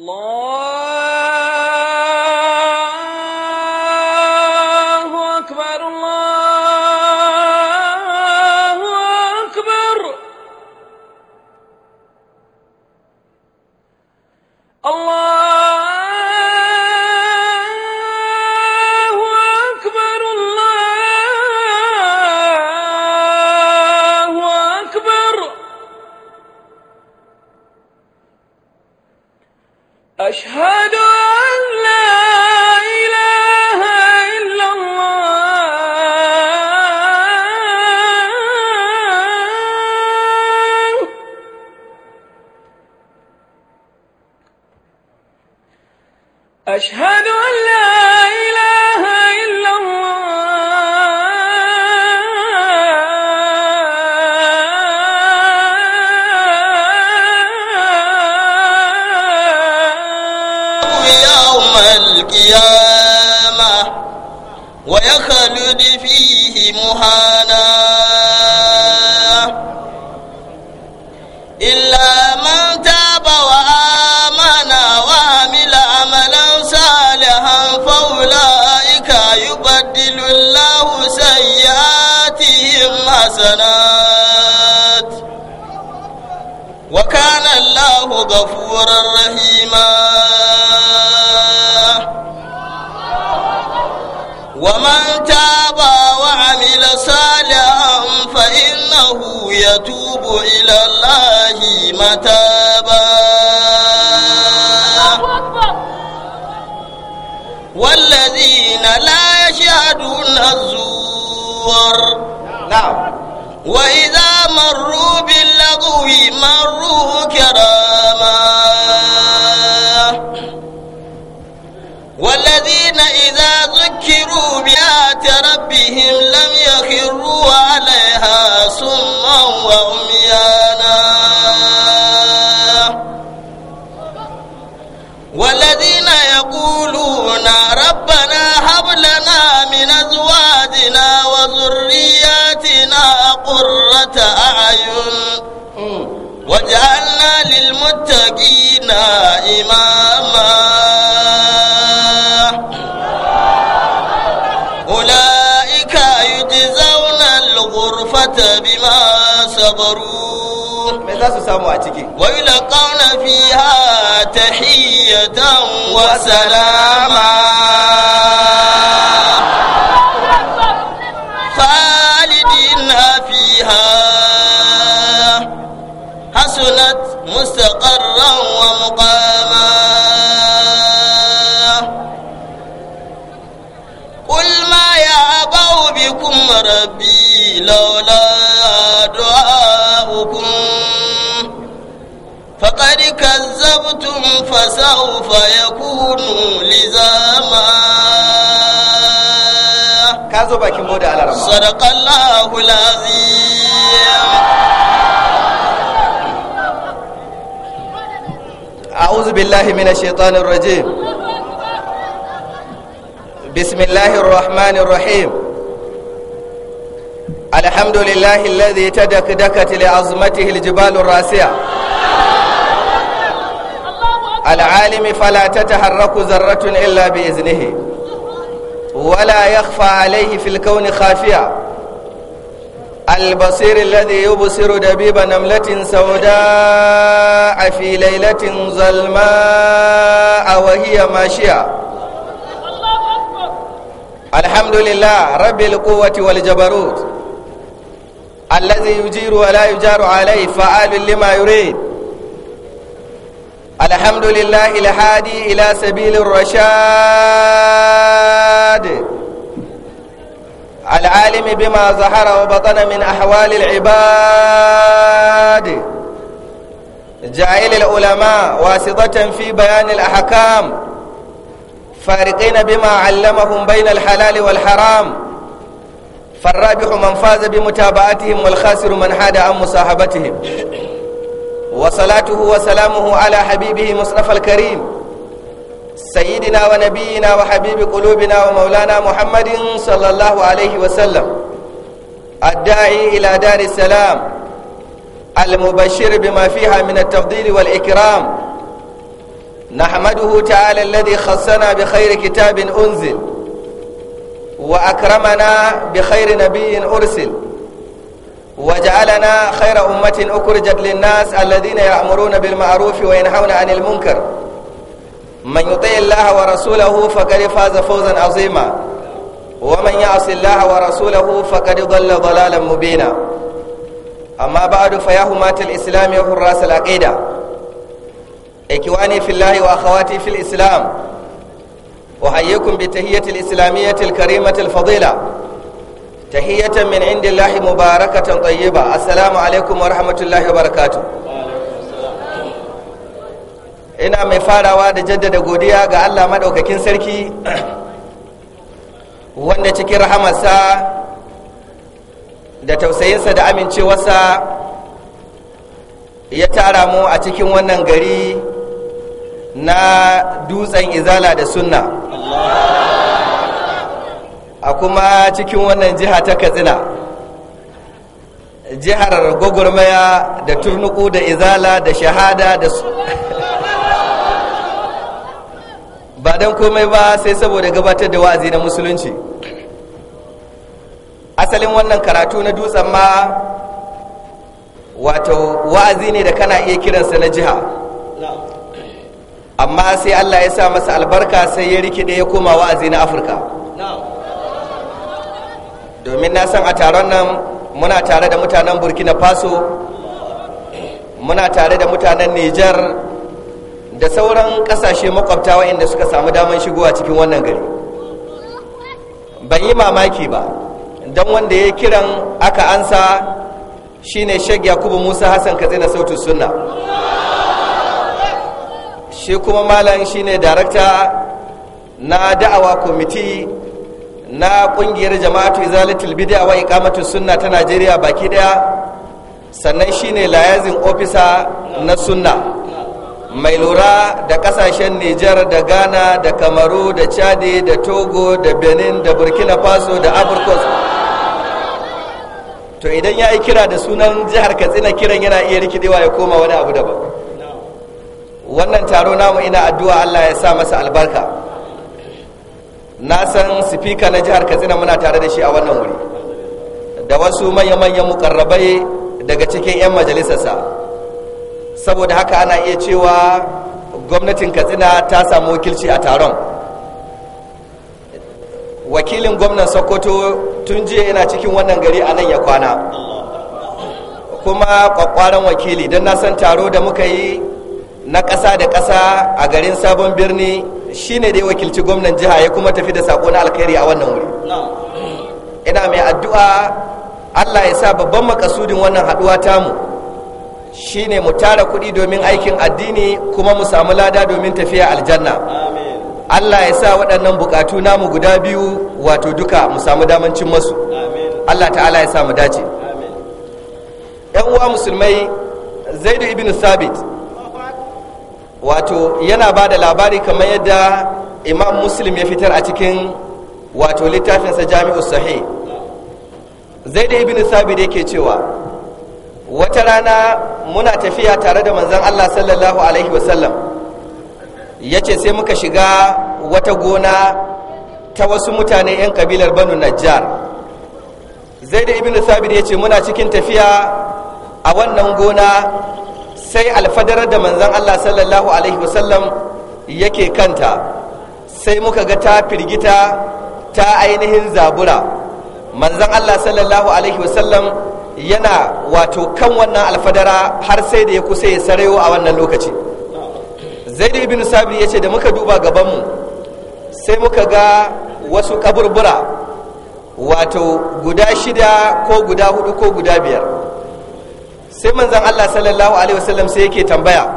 الله أكبر نعم وإذا مروا باللغو مروا كراما والذين إذا ذكروا بآيات ربهم لم يخروا عليها صما وعميانا والذين يقولون ربنا هب لنا من أزواجنا وذرياتنا قرة أعين واجعلنا للمتقين إماما أولئك يجزون الغرفة بما صبروا za su samu a ciki wa ila qawla fiha tahiyatan wa salama khalidina fiha hasunat mustaqarran wa muqama قل ما يعبأ بكم ربي لولا دعاؤكم فقد كذبتم فسوف يكون لزاما كازو باكي مودة على رمى صدق الله العظيم أعوذ بالله من الشيطان الرجيم بسم الله الرحمن الرحيم الحمد لله الذي تدكدكت لعظمته الجبال الراسعه العالم فلا تتحرك ذرة إلا بإذنه ولا يخفى عليه في الكون خافية البصير الذي يبصر دبيب نملة سوداء في ليلة ظلماء وهي ماشية الحمد لله رب القوة والجبروت الذي يجير ولا يجار عليه فعال لما يريد الحمد لله الهادي إلى سبيل الرشاد العالم بما ظهر وبطن من أحوال العباد جاهل العلماء واسطة في بيان الأحكام فارقين بما علمهم بين الحلال والحرام فالرابح من فاز بمتابعتهم والخاسر من حاد عن مصاحبتهم وصلاته وسلامه على حبيبه مصطفى الكريم سيدنا ونبينا وحبيب قلوبنا ومولانا محمد صلى الله عليه وسلم الداعي إلى دار السلام المبشر بما فيها من التفضيل والإكرام نحمده تعالى الذي خصنا بخير كتاب أنزل وأكرمنا بخير نبي أرسل وجعلنا خير أمة أكرجت للناس الذين يأمرون بالمعروف وينهون عن المنكر من يطيع الله ورسوله فقد فاز فوزا عظيما ومن يعص الله ورسوله فقد ضل ضلالا مبينا أما بعد فيا هماة الإسلام وحراس العقيدة إخواني في الله وأخواتي في الإسلام أحييكم بتهية الإسلامية الكريمة الفضيلة tahiyyatan min indillahi mubarakatan tayyiba assalamu alaikum wa rahmatullahi wa barakatuh ina mai farawa da jaddada godiya ga Allah madaukakin sarki wanda cikin rahamarsa da tausayinsa da amincewarsa ya tara mu a cikin wannan gari na dutsen izala da sunna a kuma cikin wannan jiha ta katsina jihar gwagwarmaya da turnuku da izala da shahada da su. ba don komai ba sai saboda gabatar da wa'azi na musulunci asalin wannan karatu na dutsen ma wato wa'azi ne da kana iya kiransa na jiha amma sai allah ya sa masa albarka sai ya rikide ya koma wa'azi na afirka domin na san a taron nan muna tare da mutanen burkina faso muna tare da mutanen nijar da sauran kasashe makwabta waɗanda suka samu damar shigowa cikin wannan gari ban yi mamaki ba don wanda ya kiran aka ansa shine shek yakubu musa hassan na sautin sunna shi kuma malam shine darakta na da'awa kwamiti na kungiyar jama'atu izalatul bid'a wa iqamatus sunna ta Najeriya baki daya sannan shine layazin ofisa na sunna mai lura da kasashen Nijar da Ghana da Kamaru da Chad da Togo da Benin da Burkina Faso da Africa to idan ya yi kira da sunan jihar Katsina kiran yana iya rikidewa ya koma wani abu daban wannan taro namu ina addu'a Allah ya sa masa albarka na san sifika na jihar katsina muna tare da shi a wannan wuri da wasu manya-manyan mukarrabai daga cikin 'yan majalisarsa saboda haka ana iya cewa gwamnatin katsina ta samu wakilci a taron wakilin gwamnan sokoto tun jiya yana cikin wannan gari a nan ya kwana kuma kwakwaran wakili don na san taro da muka yi na ƙasa da ƙasa a garin sabon birni shine dai wakilci gwamnan jiha ya kuma tafi da sako na alkhairi a wannan wuri ina mai addu'a allah ya sa babban makasudin wannan haɗuwa tamu shine mu tara kuɗi domin aikin addini kuma mu samu lada domin tafiya aljanna allah ya sa waɗannan buƙatu namu guda biyu wato duka mu samu damancin masu allah ta'ala ya sa mu dace 'yan uwa musulmai zaidu ibn sabit wato yana ba da labari kamar yadda imam muslim ya fitar a cikin wato littafinsa jami'u sahi zai da ibn sabi da yake cewa wata rana muna tafiya tare da manzan allah sallallahu alaihi wasallam ya ce sai muka shiga wata gona ta wasu mutane 'yan kabilar banu najjar zai da ibn sabi da ya ce muna cikin tafiya a wannan gona sai alfadarar da manzan Allah sallallahu alaihi wasallam yake kanta sai muka ga ta firgita ta ainihin zabura manzan Allah sallallahu alaihi wasallam yana wato kan wannan alfadara har sai da ya kusa ya sarayo a wannan lokaci zai da ibn ya ce da muka duba gabanmu sai muka ga wasu kaburbura wato guda shida ko guda hudu ko guda biyar sai manzan Allah sallallahu alaihi wasallam sai yake tambaya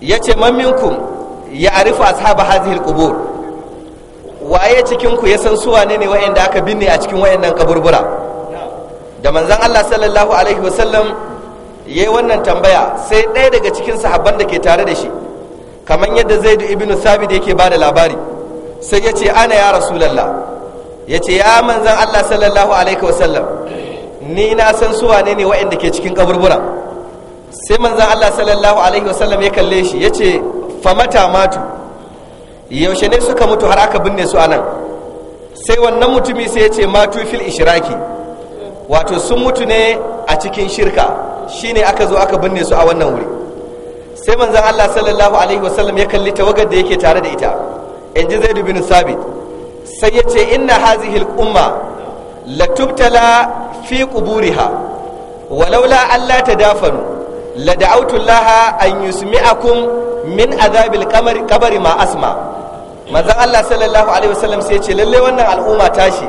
yace ce minkum ya arifa ashabu hadhihi alqubur waye cikin ku ya san su wane ne wayanda aka binne a cikin wayannan kaburbura da manzan Allah sallallahu alaihi wasallam yayi wannan tambaya sai ɗaya daga cikin sahabban da ke tare da shi kamar yadda Zaid ibnu sabit yake bada labari sai yace ana ya rasulullah yace ya manzan Allah sallallahu alaihi wasallam ni na san su wane ne waɗanda ke cikin kaburbura sai manzan Allah sallallahu alaihi wasallam ya kalle shi ya ce famata matu yaushe ne suka mutu har aka binne su anan sai wannan mutumi sai ya ce matu fil ishiraki wato sun mutu ne a cikin shirka shine aka zo aka binne su a wannan wuri sai manzan Allah sallallahu alaihi wasallam ya kalli tawagar da yake tare da ita in ji zaidu bin sabit sai yace ce inna hazihil umma latubtala fi quburiha walaula ta dafanu la da'awtu Allah an yusmi'akum min adhabil qamari qabri ma asma manzon Allah sallallahu alaihi wasallam sai ya ce lalle wannan al'umma tashi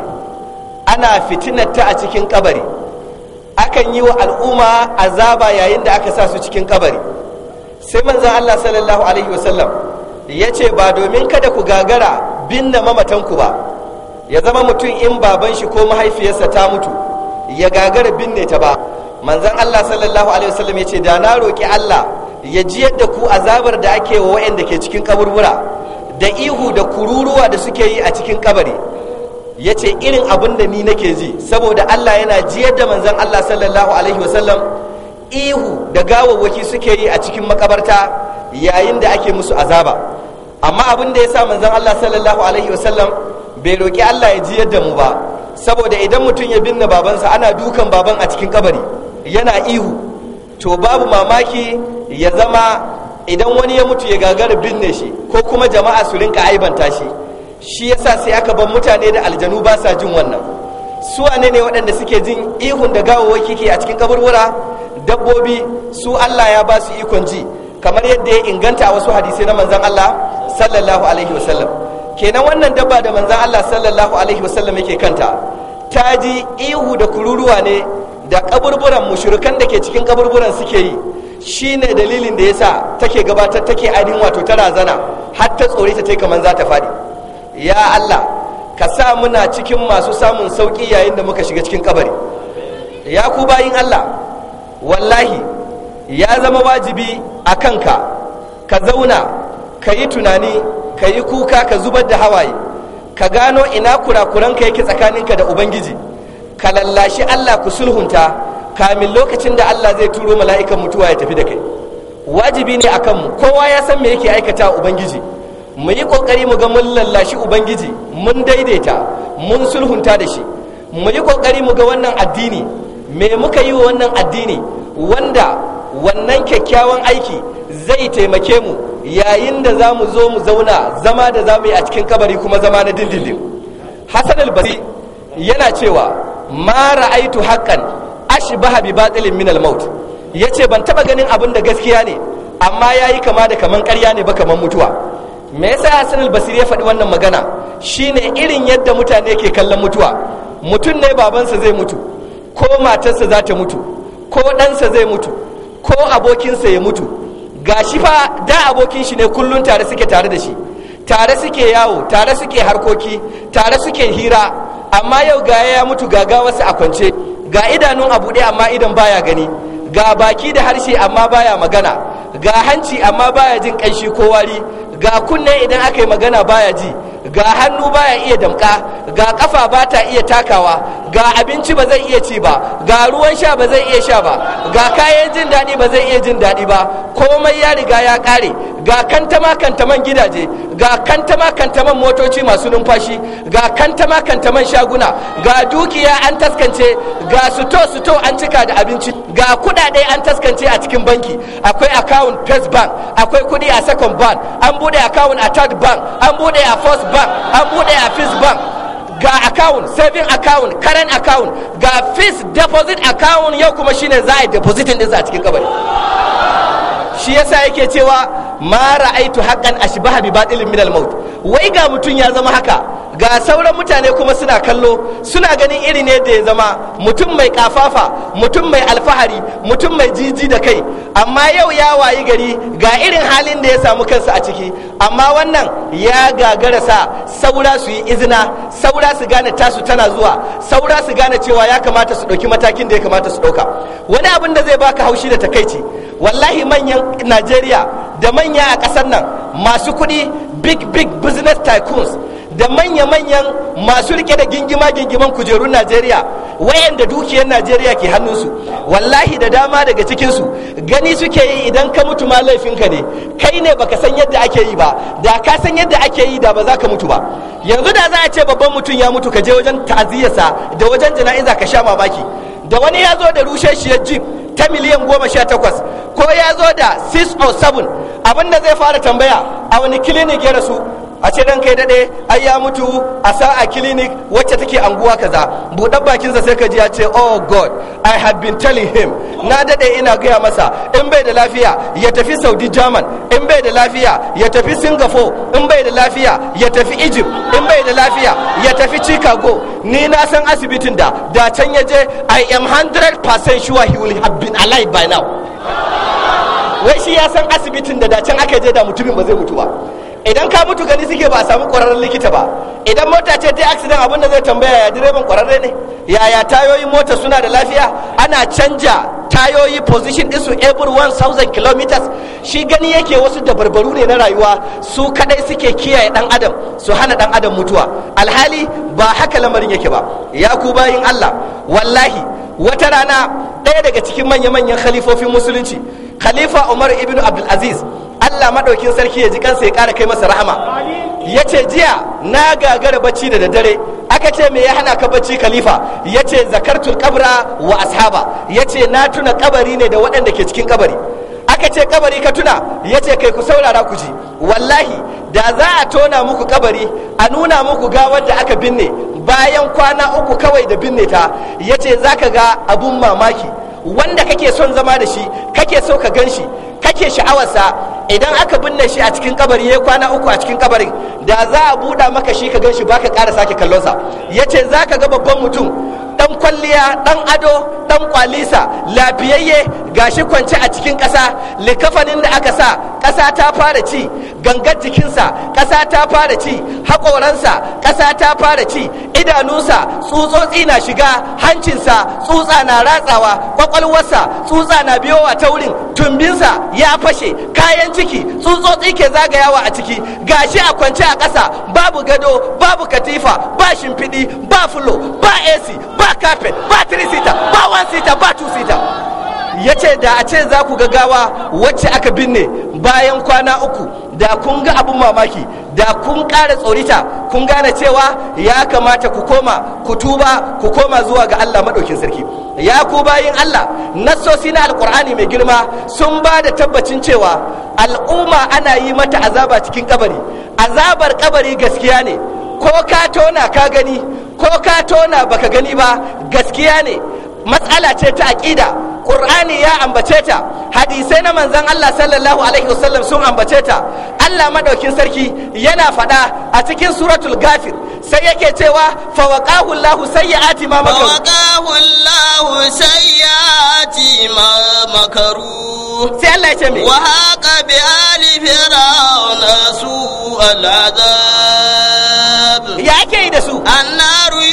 ana ta a cikin kabari akan yi wa al'umma azaba yayin da aka sa su cikin kabari sai manzon Allah sallallahu alaihi wasallam ya ce ba domin kada ku gagara binne mamatanku ba ya zama mutum in baban shi ko mahaifiyarsa ta mutu ya gagara binne ta ba manzon Allah sallallahu alaihi wasallam ya ce da na roki Allah ya ji yadda ku azabar da ake wa waɗanda ke cikin kaburbura da ihu da kururuwa da suke yi a cikin kabari ya ce irin abin da ni nake ji saboda Allah yana ji yadda manzon Allah sallallahu alaihi wasallam ihu da gawawwaki suke yi a cikin makabarta yayin da ake musu azaba amma abin da ya sa manzon Allah sallallahu alaihi wasallam bai roƙi Allah ya ji yadda mu ba saboda idan mutum ya binne babansa ana dukan baban a cikin kabari yana ihu to babu mamaki ya zama idan wani ya mutu ya gagara binne shi ko kuma jama'a su rinka aibanta shi shi yasa sai aka bar mutane da aljanu ba sa jin wannan su wane ne waɗanda suke jin ihun da gawawaki ke a cikin kaburbura dabbobi su Allah ya ba su ikon ji kamar yadda ya inganta a wasu hadisai na manzan Allah sallallahu alaihi wasallam kenan wannan dabba da manzan Allah sallallahu alaihi wasallam yake kanta ta ji ihu da kururuwa ne da kaburburan mushrikan da ke cikin kaburburan suke yi shine dalilin da ya sa take gabatar take ainihin wato ta razana har ta tsore ta kamar za ta fadi ya Allah ka sa muna cikin masu samun sauki yayin da muka shiga cikin kabari ya ku bayin Allah wallahi ya zama wajibi a kanka ka zauna ka yi tunani ka yi kuka ka zubar da hawaye ka gano ina kurakuranka yake tsakaninka da ubangiji ka lallashi allah ku sulhunta kamin lokacin da allah zai turo mala'ikan mutuwa ya tafi da kai wajibi ne akan mu kowa ya san me yake aikata ubangiji mu yi kokari mu ga mun lallashi ubangiji mun daidaita mun sulhunta da shi mu yi kokari mu ga wannan addini me muka yi wa wannan addini wanda wannan kyakkyawan aiki zai taimake mu yayin da za mu zo mu zauna zama da za mu yi a cikin kabari kuma zama na dindindin hasan albasi yana cewa ma ra'aitu haqqan ashi ba batilin min minal maut ce ban taɓa ganin abin da gaskiya ne amma ya yi kama da kaman karya ne ba kaman mutuwa me yasa hasan albasir ya faɗi wannan magana shine irin yadda mutane ke kallon mutuwa mutum ne babansa zai mutu ko matarsa za ta mutu ko ɗansa zai mutu ko abokinsa ya mutu Ga shi fa da abokin shi ne kullun tare suke tare da shi tare suke yawo tare suke harkoki tare suke hira amma yau ga ya mutu ga gawarsa a kwance ga idanun a buɗe amma idan baya gani ga baki da harshe amma baya magana ga hanci amma baya jin ƙanshi ko wari ga kunne idan aka yi magana baya ji ga hannu baya iya damka ga kafa ba ta iya takawa ga abinci ba zai iya ci ba ga ruwan sha ba zai iya sha ba ga kayan jin daɗi ba zai iya jin daɗi ba komai ya riga ya ƙare ga kantama kantaman gidaje ga kantama kantaman motoci masu numfashi ga kantama kantaman shaguna ga dukiya an taskance ga suto suto an cika da abinci ga kuɗaɗe an taskance a cikin banki akwai account first bank akwai kuɗi a second bank an buɗe account a third bank an buɗe a first bank an buɗe a fis bank ga account saving account current account ga fis deposit account yau kuma shine za a yi depositin ɗinsa a cikin kabari shi yasa yake cewa mara aitu hakan ba bi batilin min minal maut wai ga mutum ya zama haka ga sauran mutane kuma suna kallo suna ganin iri ne da ya zama mutum mai kafafa mutum mai alfahari mutum mai jiji da kai amma yau ya wayi gari ga irin halin da ya samu kansa a ciki amma wannan ya gagara sa saura su yi izina saura su gane tasu tana zuwa saura su gane cewa ya kamata su ɗauki matakin da ya kamata su ɗauka wani abin da zai baka haushi da takaici wallahi manyan najeriya da manya a ƙasar nan masu kuɗi big big business tycoons da manya-manyan masu rike da gingima gingiman kujerun najeriya wayanda dukiyar najeriya ke hannunsu wallahi da dama daga cikinsu gani suke yi idan ka mutu ma laifinka ne kai ne baka san yadda ake yi ba da ka san yadda ake yi da ba za ka mutu ba yanzu da za a ce babban mutum ya mutu ka je wajen ta'aziyarsa da wajen jana'iza ka sha mamaki da wani ya zo da rushe jeep ta miliyan goma sha takwas ko ya zo da 607 abin da zai fara tambaya a wani clinic ya rasu a ce dan kai daɗe ai ya mutu a sa a clinic wacce take anguwa kaza buɗar bakinsa sai ka ji ya ce oh god i had been telling him na daɗe ina gaya masa in bai da lafiya ya tafi saudi german in bai da lafiya ya tafi singapore in bai da lafiya ya tafi egypt in bai da lafiya ya tafi chicago ni na san asibitin da da can ya je i am 100% sure he will have been alive by now wai shi ya san asibitin da da can aka je da mutumin ba zai mutu ba idan ka mutu gani suke ba a samu kwararren likita ba idan mota ce ta aksidan abin da zai tambaya ya direban kwararre ne yaya tayoyin mota suna da lafiya ana canja tayoyi position din su every 1000 kilometers shi gani yake wasu dabarbaru ne na rayuwa su kadai suke kiyaye dan adam su hana dan adam mutuwa alhali ba haka lamarin yake ba ya ku bayin Allah wallahi wata rana ɗaya daga cikin manya-manyan khalifofin musulunci khalifa umar ibn abdulaziz allah maɗaukin sarki ya ji kansa ya ƙara kai masa rahama yace jiya na gagara bacci da daddare aka ce me ya hana ka bacci khalifa yace ce zakartul kabra wa ashaba yace na tuna kabari ne da waɗanda ke cikin kabari aka ce kabari ka tuna yace ce kai ku saurara ku ji wallahi da za a tona muku kabari a nuna muku gawar da aka binne bayan kwana uku kawai da binne ta yace ce za ka ga abun mamaki wanda kake son zama da shi kake so ka gan shi kake sha'awarsa idan aka binne shi a cikin kabari ya kwana uku a cikin kabarin da za a buɗa maka shi ka gan shi baka ƙara sake kallonsa ya ce za ka ga babban mutum ɗan kwalliya ɗan ado ɗan kwalisa lafiyayye shi kwance a cikin ƙasa likafanin da aka sa ƙasa ta fara ci gangar jikinsa ƙasa ta fara ci haƙoransa ƙasa ta fara ci idanunsa tsutsotsi na shiga hancinsa tsutsa na ratsawa ƙwaƙwalwarsa tsutsa na biyowa ta wurin tumbinsa ya fashe kayan tsutsotsin ciki tsutsotsi ke zagayawa a ciki gashi a kwance a ƙasa babu gado babu katifa ba shimfiɗi ba fulo ba ac ba carpet ba three seater ba one seater ba two seater ya ce da a ce za ku gawa wacce aka binne bayan kwana uku da kun ga abin mamaki da kun ƙara tsorita kun gane cewa ya kamata ku koma ku tuba ku koma zuwa ga Allah maɗaukin sarki ya ku bayin Allah nassosi na alƙur'ani mai girma sun ba da tabbacin cewa al'umma ana yi mata azaba cikin kabari azabar kabari gaskiya ne ko ka tona ka gani ko ka tona baka gani ba gaskiya ne matsala ce ta aƙida Qur'ani ya ambace ta hadisai na manzon Allah sallallahu alaihi wasallam sun ambace ta Allah madaukin sarki yana fada a cikin suratul ghafir sai yake cewa fa waqahu Allahu sayyiati ma makaru fa waqahu Allahu sayyiati ma makaru sai Allah ya ce me wa haqa bi ali fir'auna su al'adab ya ke da su annaru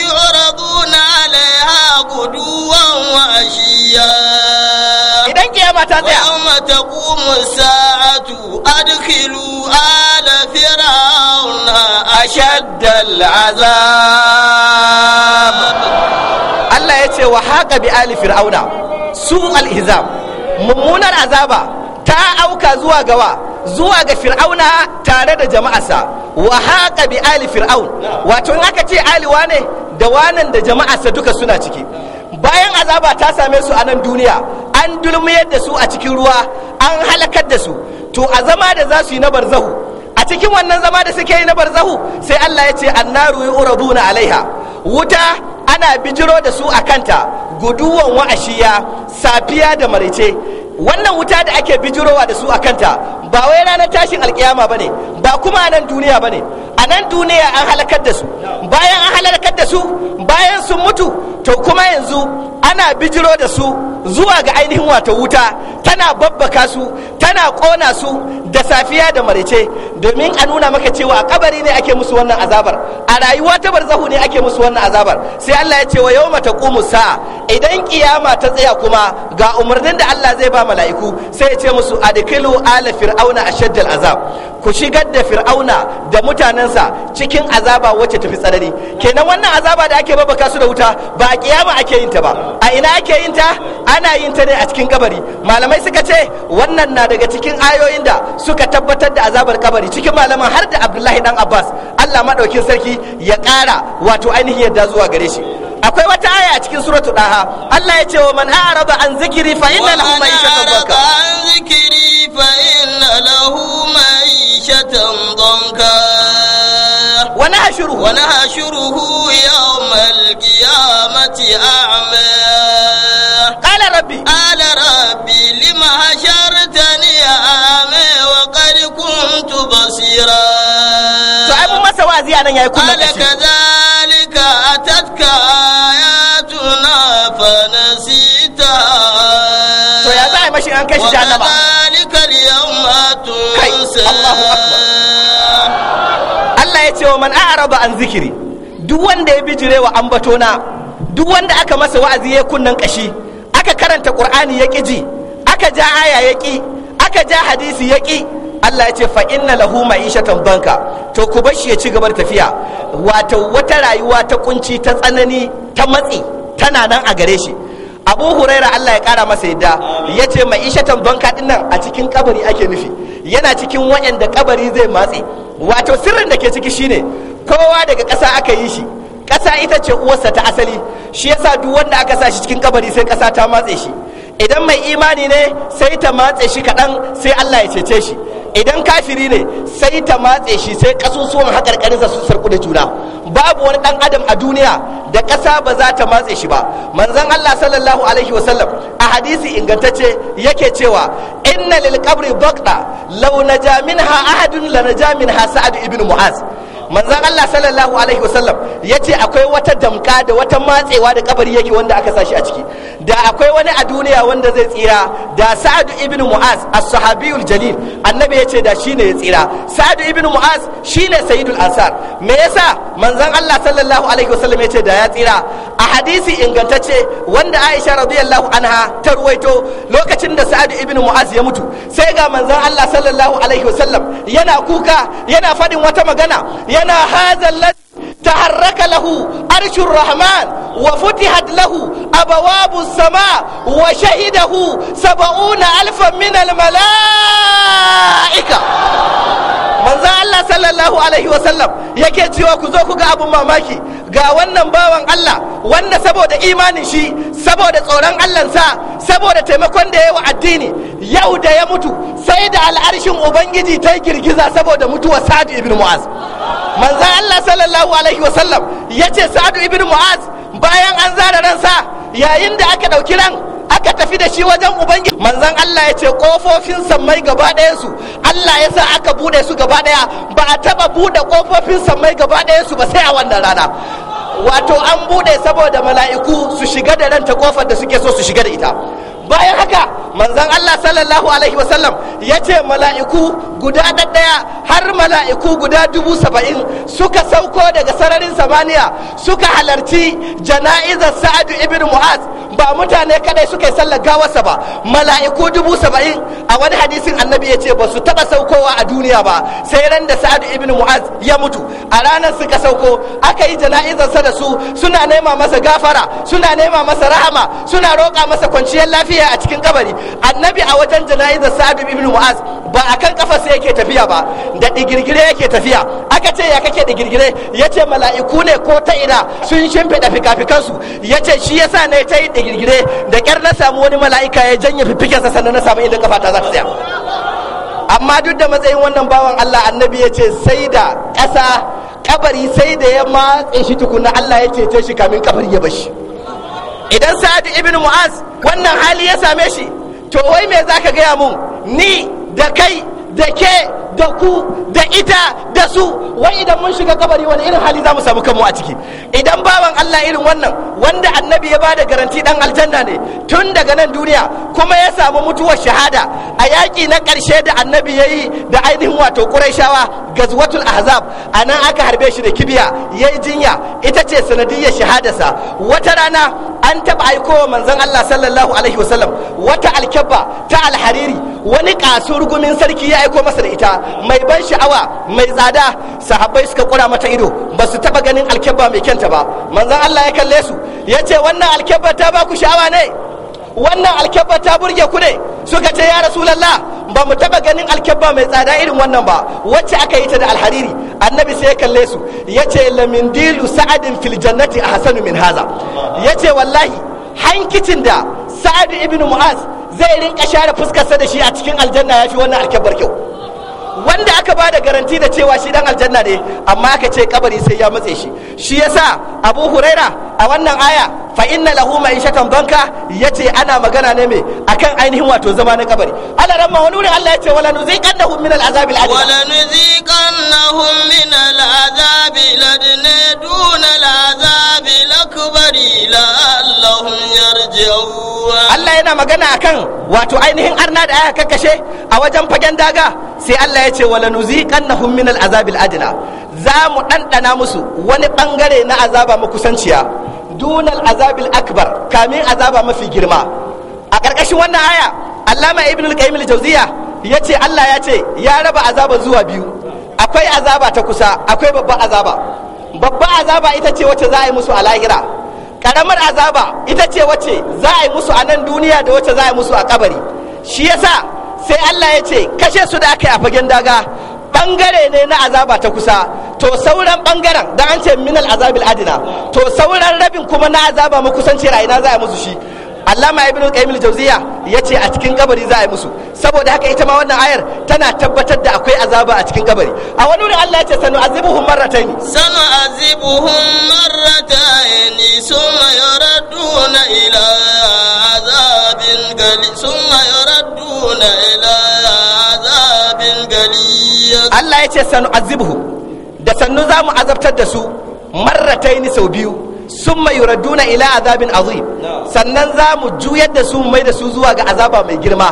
kiyama ta tsaya ta kuma sa'atu adkhilu ala fir'auna ashadd al'azab Allah ya ce wa haqa bi ali fir'auna su al'izab mummunar azaba ta auka zuwa gawa zuwa ga fir'auna tare da jama'arsa wa haqa bi ali fir'aun wato in aka ce ali wane da wanan da jama'arsa duka suna ciki bayan azaba ta same su a nan duniya an dulmiyar da su a cikin ruwa an halakar da su to a zama da za su yi na barzahu a cikin wannan zama da suke yi na barzahu sai Allah ya ce annaru na alaiha wuta ana bijiro da su a kanta guduwan wa'ashiya safiya da marice wannan wuta da ake bijirowa da su a kanta ba wai ranar tashin alkiyama ba ne ba kuma a nan duniya ba ne a nan duniya an halakar da su bayan an halakar da su bayan sun mutu to kuma yanzu ana bijiro da su zuwa ga ainihin wata wuta tana babbaka su tana kona su da safiya da marice domin a nuna maka cewa a kabari ne ake musu wannan azabar a rayuwa ta barzahu ne ake musu wannan azabar sai Allah ya ce wa yau mata sa'a idan kiyama ta tsaya kuma ga umarnin da Allah zai ba mala'iku sai ya ce musu adkilu ala fir'auna a shaddar azab ku shigar da fir'auna da mutanensa cikin azaba wacce tafi tsanani kenan wannan azaba da ake babaka su da wuta ba a kiyama ake yin ta ba a ina ake yin ta ana yin ta ne a cikin kabari malamai suka ce wannan na daga cikin ayoyin da suka tabbatar da azabar kabari cikin malaman har da abdullahi dan abbas allah maɗaukin sarki ya ƙara wato ainihin yadda zuwa gare shi wata aya cikin suratul daha Allah ya ce wa man haraba an zikiri fa inna lahu ma'ishatan danka an zikiri fa inna lahu ma'ishatan danka wa nahshuruhu wa nahshuruhu yawmal qiyamati a'ma qala rabbi qala rabbi lima hashartani a'ma wa qad kuntu basira to ai mun masa wazi anan yayi kullum shi shi an kashi shi jahannama Allah ya ce wa man a'raba an zikiri duk wanda ya bijire wa na duk wanda aka masa wa'azi ya kunnan kashi aka karanta qur'ani ya ji aka ja aya ya ƙi aka ja hadisi ya ƙi Allah ya ce fa inna lahu ma'ishatan banka to ku bar shi ya ci gaba da tafiya wato wata rayuwa ta kunci ta tsanani ta matsi tana nan a gare shi abu huraira allah ya kara masa yadda ya ce mai ishatan banka nan a cikin kabari ake nufi yana cikin da kabari zai matse wato sirrin da ke ciki shine kowa daga ƙasa aka yi shi ƙasa ita ce uwarsa ta asali shi yasa duk wanda aka sa shi cikin kabari sai ƙasa ta matse shi idan mai imani ne sai ta matse shi kaɗan sai Allah ya cece shi idan kafiri ne sai ta matse shi sai ƙasusuwan haƙarƙarinsa su sarku da juna babu wani ɗan adam a duniya da ƙasa ba za ta matse shi ba manzon Allah sallallahu alaihi wasallam a hadisi ingantacce yake cewa inna lil qabri baqda law naja ha ahadun lanajaminha ha sa'ad ibn mu'az manzan Allah sallallahu alaihi wasallam ya ce akwai wata damka da wata matsewa da kabari yake wanda aka sa shi a ciki da akwai wani a duniya wanda zai tsira da sa'adu ibn mu'az as-sahabiyul jalil annabi ya ce da ne ya tsira sa'adu ibn mu'az shi ne sayyidul ansar me yasa manzan Allah sallallahu alaihi wasallam ya ce da ya tsira a hadisi ingantacce wanda Aisha radiyallahu anha ta ruwaito lokacin da sa'adu ibn mu'az ya mutu sai ga manzon Allah sallallahu alaihi wasallam yana kuka yana faɗin wata magana yana hazal تحرك له عرش الرحمن وفتحت له أبواب السماء وشهده سبعون ألفا من الملائكة Allah sallallahu alaihi wasallam yake cewa ku zo ku ga abun mamaki ga wannan bawan Allah wanda saboda imanin shi saboda tsoron Allahnsa saboda taimakon da ya wa addini yau da ya mutu sai da al'arshin ubangiji ta girgiza saboda mutuwa sa'adu ibn mu'az manzan Allah sallallahu alaihi wasallam ya ce sa'adu ibn mu'az bayan an zara ransa yayin da aka ɗauki ran aka tafi da shi wajen ubangiji manzon Allah ya ce kofofin sammai gaba ɗaya su Allah ya sa aka bude su gaba ɗaya ba a taba bude kofofin sammai gaba ɗaya su ba sai a wannan rana wato an bude saboda mala'iku su shiga da ranta kofar da suke so su shiga da ita bayan haka manzan Allah sallallahu alaihi wasallam ya ce mala'iku guda ɗaya har mala'iku guda dubu saba'in suka sauko daga sararin samaniya suka halarci jana'izar sa'adu ibn mu'az ba mutane kadai suka yi sallar gawarsa ba mala'iku dubu saba'in a wani hadisin annabi ya ce ba su taɓa saukowa a duniya ba sai ran da sa'adu ibn mu'az ya mutu a ranar suka sauko aka yi jana'izarsa da su suna nema masa gafara suna nema masa rahama suna roƙa masa kwanciyar lafiya tafiya a cikin kabari annabi a wajen jana'izar sabi ibn mu'az ba a kan kafa sai yake tafiya ba da digirgire yake tafiya aka ce ya kake digirgire ce mala'iku ne ko ta ina sun shimfiɗa fikafikan su ce shi ya sa ne ta yi digirgire da kyar na samu wani mala'ika ya janye fifikensa sannan na samu idan kafa ta za ta tsaya amma duk da matsayin wannan bawan Allah annabi ya ce sai da ƙasa kabari sai da ya matse shi tukuna Allah ya cece shi kamin kabari ya bashi idan sa'ad ibn mu'az wannan hali ya same shi to wai me zaka gaya mun ni da kai da ke da ku da ita da su wai idan mun shiga kabari wani irin hali za mu samu kanmu a ciki idan bawan Allah irin wannan wanda annabi ya ba da garanti dan aljanna ne tun daga nan duniya kuma ya samu mutuwar shahada a yaki na ƙarshe da annabi ya yi da ainihin wato ƙuraishawa gazwatul ahzab a nan aka harbe shi da kibiya ya yi jinya ita ce sanadiyyar shahadarsa wata rana an taɓa aikowa manzon Allah sallallahu alaihi wasallam wata alkyabba ta alhariri wani kasurgumin sarki ya aiko masa da ita mai ban sha'awa mai tsada sahabbai suka kura mata ido ba su taba ganin alkebba mai kyanta ba manzon Allah ya kalle su ya ce wannan alkebba ta ba ku sha'awa ne wannan alkebba ta burge ku ne suka ce ya rasulallah ba mu taba ganin alkebba mai tsada irin wannan ba wacce aka yi ta da alhariri annabi sai ya kalle su ya ce lamindilu sa'adin fil jannati ahsanu min haza ya ce wallahi hankicin da sa'adu ibn mu'az zai rinka share fuskarsa da shi a cikin aljanna ya fi wannan alkebbar kyau wanda aka ba da garanti da cewa shi dan aljanna ne amma aka ce kabari sai ya matse shi shi yasa abu huraira a wannan aya fa inna lahu ma'ishatan banka yace ana magana ne me akan ainihin wato zama na kabari Allah ramma wani wurin Allah yace wala nuziqannahum min al'azabil adna wala nuziqannahum min al'azabil adna dun al'azabil akbar la'allahum yarji'un Allah yana magana akan wato ainihin arna da aya kakkashe a wajen fagen daga sai Allah yace wala nuziqannahum min al'azabil adna za mu ɗanɗana musu wani ɓangare na azaba makusanciya dunal azabil akbar kamin azaba mafi girma a ƙarƙashin wannan aya allama ibn al jauziya ya ce Allah ya ce ya raba azaba zuwa biyu akwai azaba ta kusa akwai babban azaba babban azaba ita ce wacce za a yi musu a lahira Ƙaramar azaba ita ce wacce za a yi musu a nan duniya da wacce za a yi musu a kabari shi yasa sai Allah ya ce kashe su da aka yi a fagen daga bangare ne na azaba ta kusa to sauran bangaren da an ce minal azabil adina to sauran rabin kuma na azaba makusanciyar a ina za a musu shi allama ibn qayyim al-jawziya yace a cikin kabari za a yi musu saboda haka ita ma wannan ayar tana tabbatar da akwai azaba a cikin kabari a wani wurin Allah yace sanu azibuhum marratayn sanu azibuhum marratayn summa na ila azabin gali summa na ila azabin gali Allah yace sanu azibuhum da sannu za mu azabtar da su ni sau biyu sun mai raduna ila azabin azim sannan za mu juyar da su mai da su zuwa ga azaba mai girma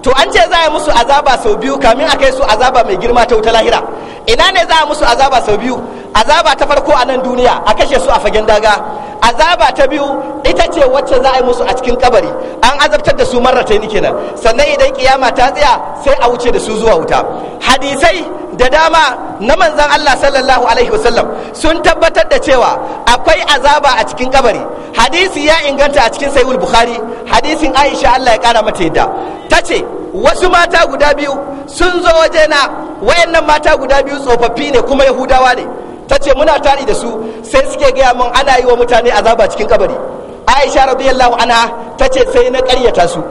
to an ce za a musu azaba sau biyu kamin a kai su azaba mai girma ta wuta lahira ina ne za a musu azaba sau biyu azaba ta farko a nan duniya a kashe su a fagen daga azaba ta biyu ita ce wacce za a yi musu a cikin kabari an azabtar da su marrata ke kenan sannan idan kiyama ta tsaya sai a wuce da su zuwa wuta hadisai da dama na manzan Allah sallallahu alaihi wasallam sun tabbatar da cewa akwai azaba a cikin kabari hadisi ya inganta a cikin sayyid bukhari hadisin aisha Allah ya kara mata yadda ta ce wasu mata guda biyu sun zo wajena wayannan mata guda biyu tsofaffi ne kuma yahudawa ne ta ce muna tari da su sai suke gaya min ana yi wa mutane azaba cikin kabari aisha radiyallahu anha ta ce sai na karyata su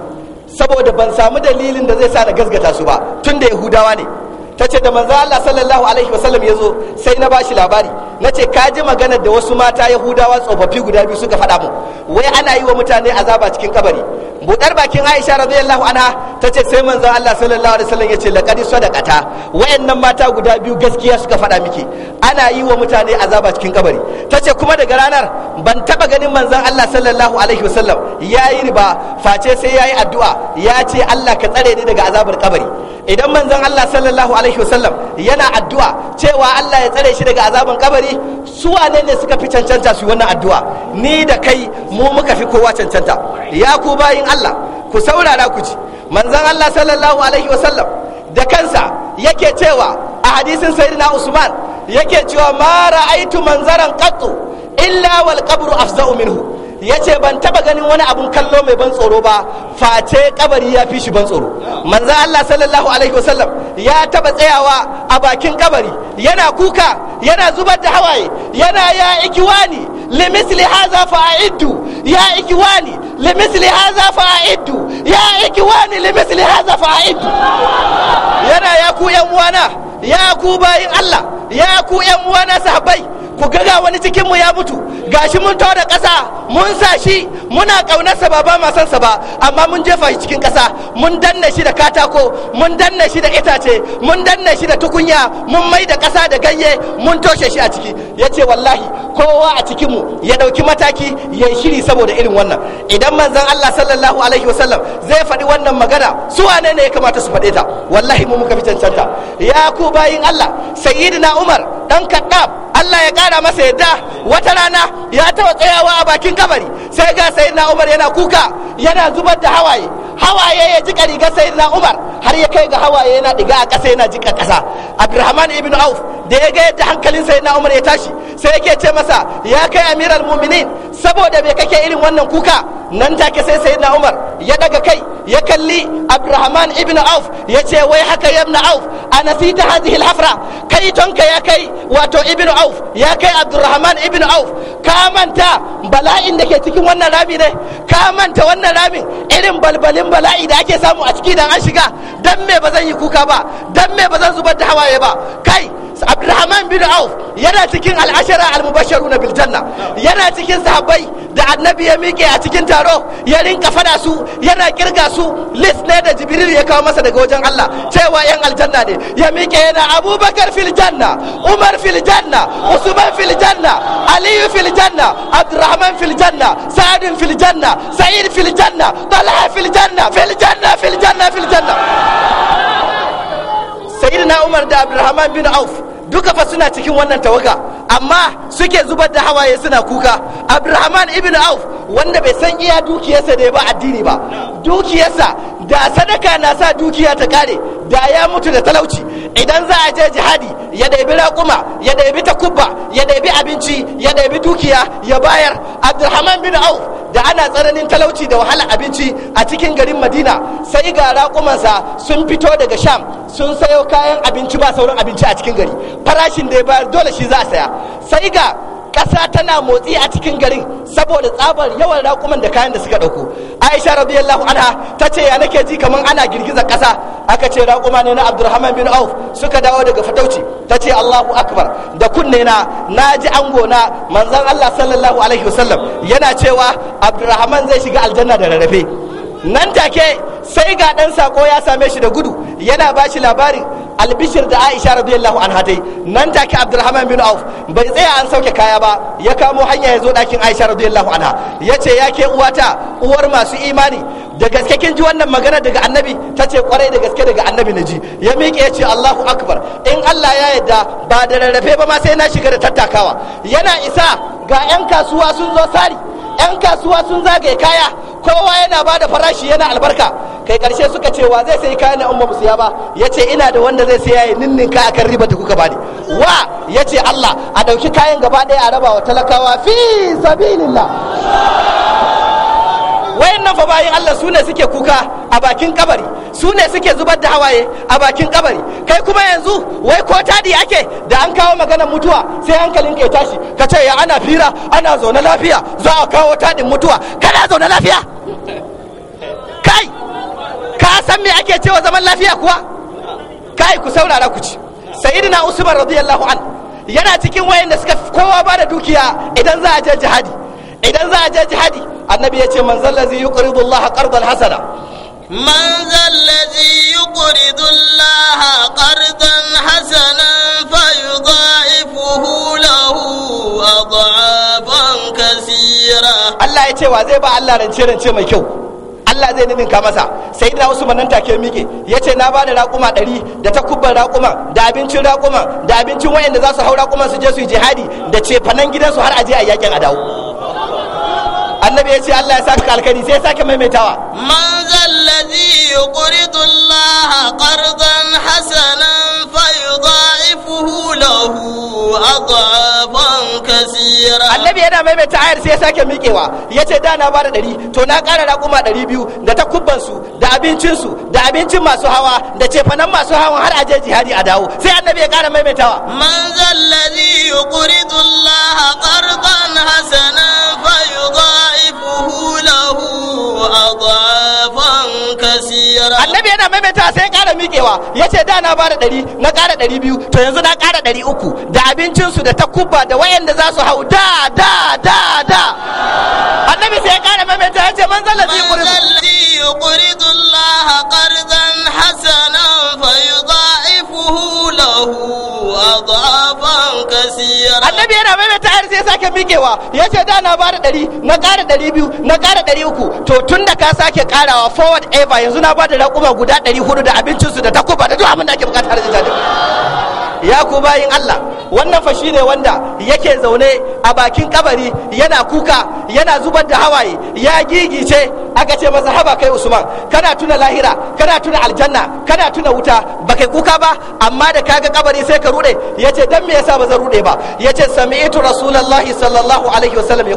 saboda ban samu dalilin da zai sa na gasgata su ba tun da yahudawa ne ta ce da manzo Allah sallallahu alaihi wasallam ya zo sai na bashi labari na ce ka ji magana da wasu mata yahudawa tsofaffi guda biyu suka faɗa mu wai ana yi wa mutane azaba cikin kabari budar bakin Aisha radiyallahu anha ta ce sai manzo Allah sallallahu alaihi wasallam ya ce laqad sadaqata wayannan mata guda biyu gaskiya suka faɗa miki ana yi wa mutane azaba cikin kabari ta ce kuma daga ranar ban taba ganin manzan Allah sallallahu alaihi wasallam yi riba face sai ya yi addu'a ya ce Allah ka tsare ni daga azabar kabari idan manzan Allah sallallahu alaihi alaihi wasallam yana addu'a cewa Allah ya tsare shi daga azaban kabari su wane ne suka fi cancanta su wannan addu'a ni da kai mu muka fi kowa cancanta ya ku bayin Allah ku saurara ku ji manzon Allah sallallahu alaihi wasallam da kansa yake cewa a hadisin sayyidina Usman yake cewa ma ra'aitu manzaran qattu illa wal qabru afza'u minhu ya ce ban taba ganin wani abun kallo mai ban tsoro ba face kabari ya fi shi ban tsoro manzo Allah sallallahu alaihi wasallam ya taba tsayawa a bakin kabari yana kuka yana zubar da hawaye yana ya ikiwani misli hadha fa'iddu ya ikiwani misli hadha fa'iddu ya ikiwani misli hadha fa'iddu yana ya ku yan uwana ya ku bayin Allah ya ku yan uwana sahabbai ku ga wani cikin mu ya mutu gashi mun da ƙasa mun sa shi muna sa ba ba masan sa ba amma mun jefa shi cikin ƙasa mun danna shi da katako mun danna shi da itace mun danna shi da tukunya mun mai da ƙasa da ganye mun toshe shi a ciki yace wallahi kowa a cikin mu ya ɗauki mataki ya shiri saboda irin wannan idan manzon Allah sallallahu alaihi wasallam zai faɗi wannan magana su wane ne ya kamata su faɗe ta wallahi mu muka fi cancanta ya ku bayin Allah sayyidina Umar dan Kaddab Allah ya kara masa yadda wata rana ya taɓa tsayawa a bakin kabari sai ga na Umar yana kuka yana zubar da hawaye hawaye ya jika rigar na Umar har ya kai ga hawaye yana diga a ƙasa yana jika ƙasa Abdurrahman ibn Auf da ya ga yadda hankalin sai na ya tashi sai yake ce masa ya kai amirar muminin saboda bai kake irin wannan kuka nan take sai sai na umar ya daga kai ya kalli abrahman ibn auf ya ce wai haka ya ibn auf a nasita hadhihi alhafra kai tonka ya kai wato ibn auf ya kai abdurrahman ibn auf ka manta bala'in da ke cikin wannan rami ne ka manta wannan ramin irin balbalin bala'i da ake samu a ciki dan an shiga dan me ba zan yi kuka ba dan me ba zan zubar da hawaye ba kai abdurrahman bin auf yana cikin al'ashara al-mubasharu na biljanna yana cikin sahabbai da annabi ya miƙe a cikin taro ya rinka fada su yana kirga su list ne da jibril ya kawo masa daga wajen allah cewa yan aljanna ne ya miƙe yana abubakar fil umar fil usman fil aliyu fil abdulrahman abdurrahman sa'adun fil sa'id fil talha fil janna sayyidina umar da Abdulrahman bin auf duka fa suna cikin wannan tawaga amma suke zubar da hawaye suna kuka abdurrahman ibn auf wanda bai san iya dukiyarsa da ya ba addini ba dukiyarsa da sadaka na sa dukiya ta kare da ya mutu da talauci idan za a je jihadi ya ɗabi raƙuma ya ɗabi takubba ya ɗabi abinci ya ɗabi dukiya ya bayar abdulrahman bin auf da ana tsananin talauci da wahala abinci a cikin garin madina sai ga raƙumansa sun fito daga sham sun sayo kayan abinci ba sauran abinci a cikin gari farashin da ya bayar dole shi za a saya sai ga ƙasa tana motsi a cikin garin saboda tsabar yawan raƙuman da kayan da suka ɗauko aisha radiyallahu anha ta ce ya nake ji kamar ana girgiza ƙasa aka ce raƙuma ne na abdurrahman bin auf suka dawo daga fatauci ta ce allahu akbar da kunne na na ji ango na manzon allah sallallahu alaihi wasallam yana cewa abdurrahman zai shiga aljanna da rarrafe nan take sai ga ɗan sako ya same shi da gudu yana ba shi labarin albishir da aisha radiyallahu an hatai nan take abdulrahman bin auf bai tsaya an sauke kaya ba ya kamo hanya ya zo ɗakin aisha radiyallahu anha ya ce ya ke uwata uwar masu imani da gaske kin ji wannan magana daga annabi ta ce kwarai da gaske daga annabi na ji ya miƙe ya ce allahu akbar in allah ya yadda ba da rarrafe ba ma sai na shiga da tattakawa yana isa ga 'yan kasuwa sun zo sari 'yan kasuwa sun zagaye kaya kowa yana ba da farashi yana albarka kai karshe suka ce wa zai sai kaya na umma mu siya ba ya ce ina da wanda zai yayi ya ka akan riba da kuka bani wa ya ce Allah a ɗauki kayan gaba ɗaya a raba wa talakawa fi sabilillah wayannan fa bayan Allah su ne suke kuka a bakin kabari su ne suke zubar da hawaye a bakin kabari kai kuma yanzu wai ko tadi ake da an kawo magana mutuwa sai hankalin ke tashi ka ce ya ana fira ana zaune lafiya za a kawo tadin mutuwa kana zaune lafiya kai ka san me ake cewa zaman lafiya kuwa kai ku saurara ku ci sayyidina usman radiyallahu an yana cikin wayanda suka kowa ba da dukiya idan za a je jihadi idan za a je jihadi annabi ya ce manzan lazi yuqridu Allah qardan hasana manzan lazi yuqridu Allah qardan hasanan fayudha'ifuhu a adhafan kasira Allah ya ce wa zai ba Allah rance rance mai kyau Allah zai ninka masa sai da wasu manan take mike ce na ba da raƙuma ɗari da takubban raƙuma da abincin raƙuma da abincin wayanda za su hau raƙuman su je su yi jihadi da cefanen gidansu har aje a yakin a dawo annabi ya ce Allah ya saka alkhairi sai ya sake maimaitawa man zallazi yuqridu Allah qardan hasana annabi yana maimaita ayar sai ya sake ya ce da na bada ɗari to na ƙara raƙuma ɗari biyu da ta su da abincinsu da abincin masu hawa da cefanan masu hawa har aje jihadi a dawo sai annabi ya ƙara maimaitawa man zalladhi yuqridu allaha qardan hasanan fayudha'i annabi yana maimaita sai ya kara ميمتا miƙewa ya ce da na bada ɗari na kara ɗari biyu to yanzu na kara ɗari uku da abincinsu da takuba da wayanda za su hau da da da da annabi sai ya kara maimaita ya ce man zallazi ƙuridu Allah فيضاعفه له أضعافا كثيرا annabi yana maimaita har sai sake mikewa ya ce da na bada ɗari na kara ɗari biyu na kara ɗari uku to tun da ka sake karawa forward ever yanzu na bada raƙuma guda ɗari hudu da abincinsu da takuba da duk abin da ake bukata har sai ya ku bayin Allah wannan fashi ne wanda yake zaune a bakin kabari yana kuka yana zubar da hawaye ya gigice aka ce masa haba kai usman kana tuna lahira kana tuna aljanna kana tuna maka wuta ba kai kuka ba amma da kaga kabari sai ka rude yace dan me yasa ba zan rude ba ce sami'tu rasulullahi sallallahu alaihi wasallam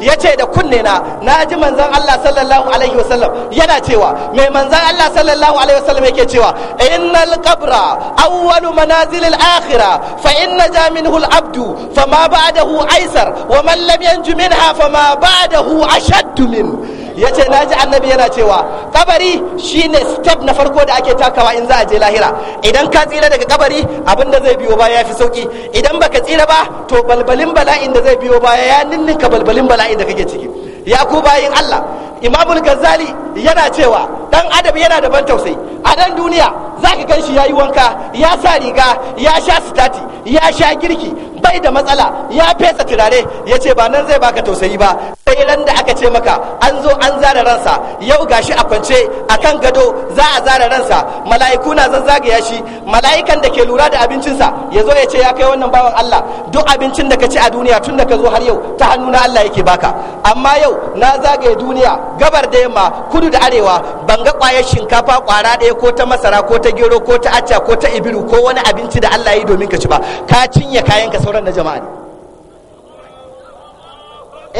Ya ce da kunne na ji manzon Allah sallallahu alaihi wasallam yana cewa mai manzon Allah sallallahu alaihi wasallam yake cewa innal qabra awwalu manazil al akhirah fa inna jaminhu al abdu fama ba'dahu aisar wa man lam yanju minha ba'dahu ashaddu min ya ce na ji annabi yana cewa kabari shine step na farko da ake takawa in za a je lahira idan ka tsira daga kabari abin da zai biyo baya ya fi sauki idan baka tsira ba to balbalin bala'in da zai biyo baya ya ninninka balbalin bala'in da kake ciki ya ku bayin Allah imamul gazali yana cewa dan adam yana da ban tausayi a dan duniya za ka gan shi ya yi wanka ya sa riga ya sha sitati ya sha girki bai da matsala ya fesa turare ya ce ba nan zai baka tausayi ba sai ran da aka ce maka an zo an zara ransa yau gashi a kwance a kan gado za a zara ransa mala'iku na zan zagaya shi mala'ikan da ke lura da abincinsa ya zo ya ce ya kai wannan bawan Allah duk abincin da ka ci a duniya tun da ka zo har yau ta hannu na Allah yake baka amma yau na zagaye duniya gabar da yamma kudu da arewa ban ga kwayar shinkafa kwara ɗaya ko ta masara ko ta gero ko ta acca ko ta ibiru ko wani abinci da Allah ya yi domin ka ci ba ka cinye kayan ka auren na jama'a ne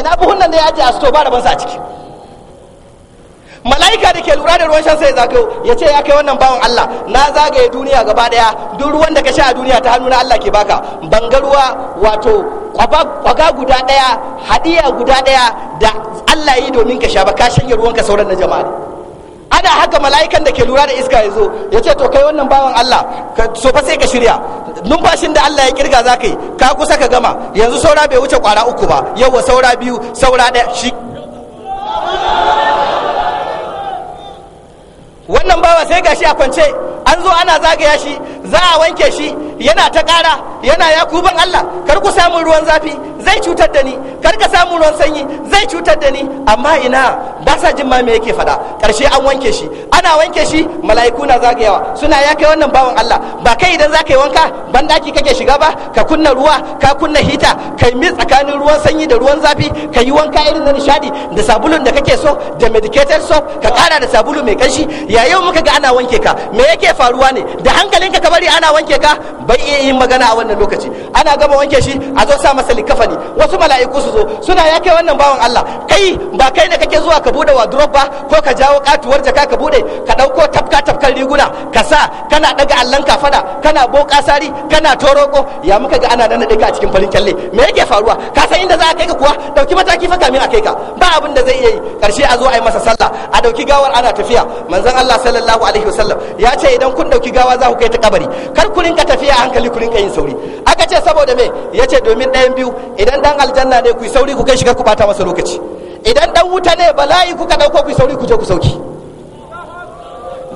ina buhun nan da ya ajiye a sito ba bansa a ciki mala'ika da ke lura da ruwan shan sai zaka ya ce ya kai wannan bawan Allah na zagaye duniya gaba daya duk ruwan da ka sha a duniya ta hannu na Allah ke baka bangaruwa wato kwaga guda daya hadiya guda daya da Allah yi domin ka sha ba ka shanye ruwan ka sauran na jama'a ana haka mala'ikan da ke lura da iska ya zo ya ce to kai wannan bawan Allah so fa sai ka shirya numfashin da Allah ya kirga za ka yi ka kusa ka gama yanzu saura bai wuce kwara uku ba yawwa saura biyu saura ɗaya shi wannan bawa sai gashi a kwance an zo ana zagaya shi za a wanke shi yana ta ƙara yana ya kuban Allah kar ku samun ruwan zafi zai cutar da ni karka ka samu ruwan sanyi zai cutar da ni amma ina ba sa jin ma me yake faɗa karshe an wanke shi ana wanke shi mala'iku na zagayawa suna ya kai wannan bawan Allah ba kai idan za ka yi wanka ban daki kake shiga ba ka kunna ruwa ka kunna hita ka yi tsakanin ruwan sanyi da ruwan zafi ka yi wanka irin na nishadi da sabulun da kake so da medicated soap ka kara da sabulu mai kanshi yayin muka ga ana wanke ka me yake faruwa ne da hankalinka ka bari ana wanke ka bai iya yin magana a wannan lokaci ana gaba wanke shi a zo sa masa likafani wasu mala'iku su zo suna ya kai wannan bawan Allah kai ba kai ne kake zuwa ka bude wadurof ba ko ka jawo katuwar jaka ka bude ka dauko tafka tafkan riguna ka sa kana daga ka kafada kana boka sari kana toroko ya muka ga ana nan ka a cikin farin kyalle me yake faruwa ka san inda za a kai ka kuwa dauki mataki fa kamin a kai ka ba abin da zai iya yi karshe a zo a yi masa sallah a dauki gawar ana tafiya manzon Allah sallallahu alaihi wasallam ya ce idan kun dauki gawa za ku kai ta kabari kar ku rinka tafiya hankali ku rinka yin sauri aka ce saboda me ce domin ɗayan biyu idan dan aljanna ne ku sauri ku kai shiga ku bata masa lokaci idan dan wuta ne bala'i kuka dauko ku yi sauri ku je ku sauki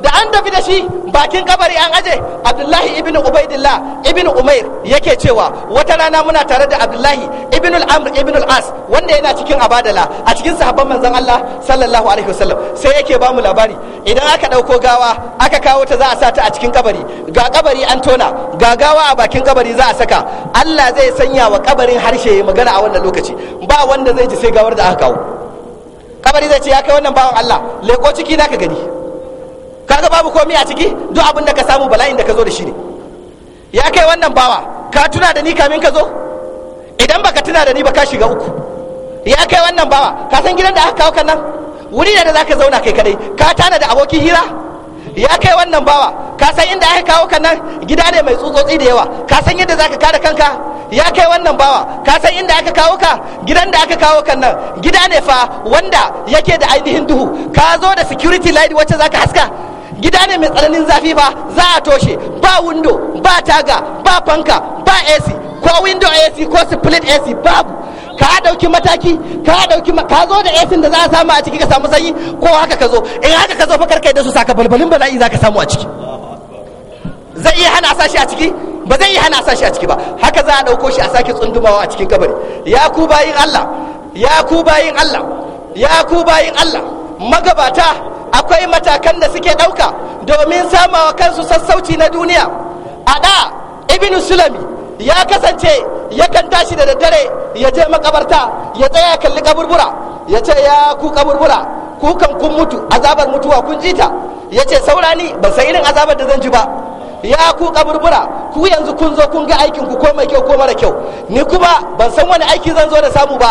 da an tafi da shi bakin kabari an aje abdullahi ibn ubaidillah ibn umair yake cewa wata rana muna tare da abdullahi ibn al-amr ibn al-as wanda yana cikin abadala a cikin sahabban manzon Allah sallallahu alaihi wasallam sai yake ba mu labari idan aka dauko gawa aka kawo ta za a sata a cikin kabari ga kabari an tona ga gawa a bakin kabari za a saka Allah zai sanya wa kabarin harshe magana a wannan lokaci ba wanda zai ji sai gawar da aka kawo kabari zai ce ya kai wannan bawan Allah leko ciki naka gani kaga babu komai a ciki duk abin da ka samu bala'in da ka zo da shi ne ya kai wannan bawa ka tuna da ni kamin ka zo idan baka tuna da ni ba ka shiga uku ya kai wannan bawa ka san gidan da aka kawo kannan wuri da za ka zauna kai kadai ka tana da abokin hira ya kai wannan bawa ka san inda aka kawo kannan gida ne mai tsutsotsi da yawa ka san yadda za ka kare kanka ya kai wannan bawa ka san inda aka kawo ka gidan da aka kawo kannan gida ne fa wanda yake da ainihin duhu ka zo da security light wacce za ka haska gida ne mai tsananin zafi fa za a toshe ba window ba taga ba fanka ba ac ko window ac ko split ac babu ka dauki mataki ka dauki ka zo da ac da za a samu a ciki ka samu sanyi ko haka ka zo in haka ka zo fa karkai da su saka balbalin bala'i za ka samu a ciki zai iya hana sashi a ciki ba zai iya hana sashi a ciki ba haka za a dauko shi a sake tsundumawa a cikin kabari ya ku bayin Allah ya ku bayin Allah ya ku bayin Allah magabata akwai matakan da suke ɗauka domin samawa kansu sassauci na duniya a da ibn sulami ya kasance yakan tashi da daddare ya je makabarta ya tsaya kalli kaburbura ya ce ya ku kaburbura kukan kun mutu azabar mutuwa kun jita ya ce saurani ba sai irin azabar da zan ji ba ya ku kaburbura ku yanzu kun zo kun ga aikin ku ko mai kyau ko mara kyau ni kuma ban san wani aiki zan zo da samu ba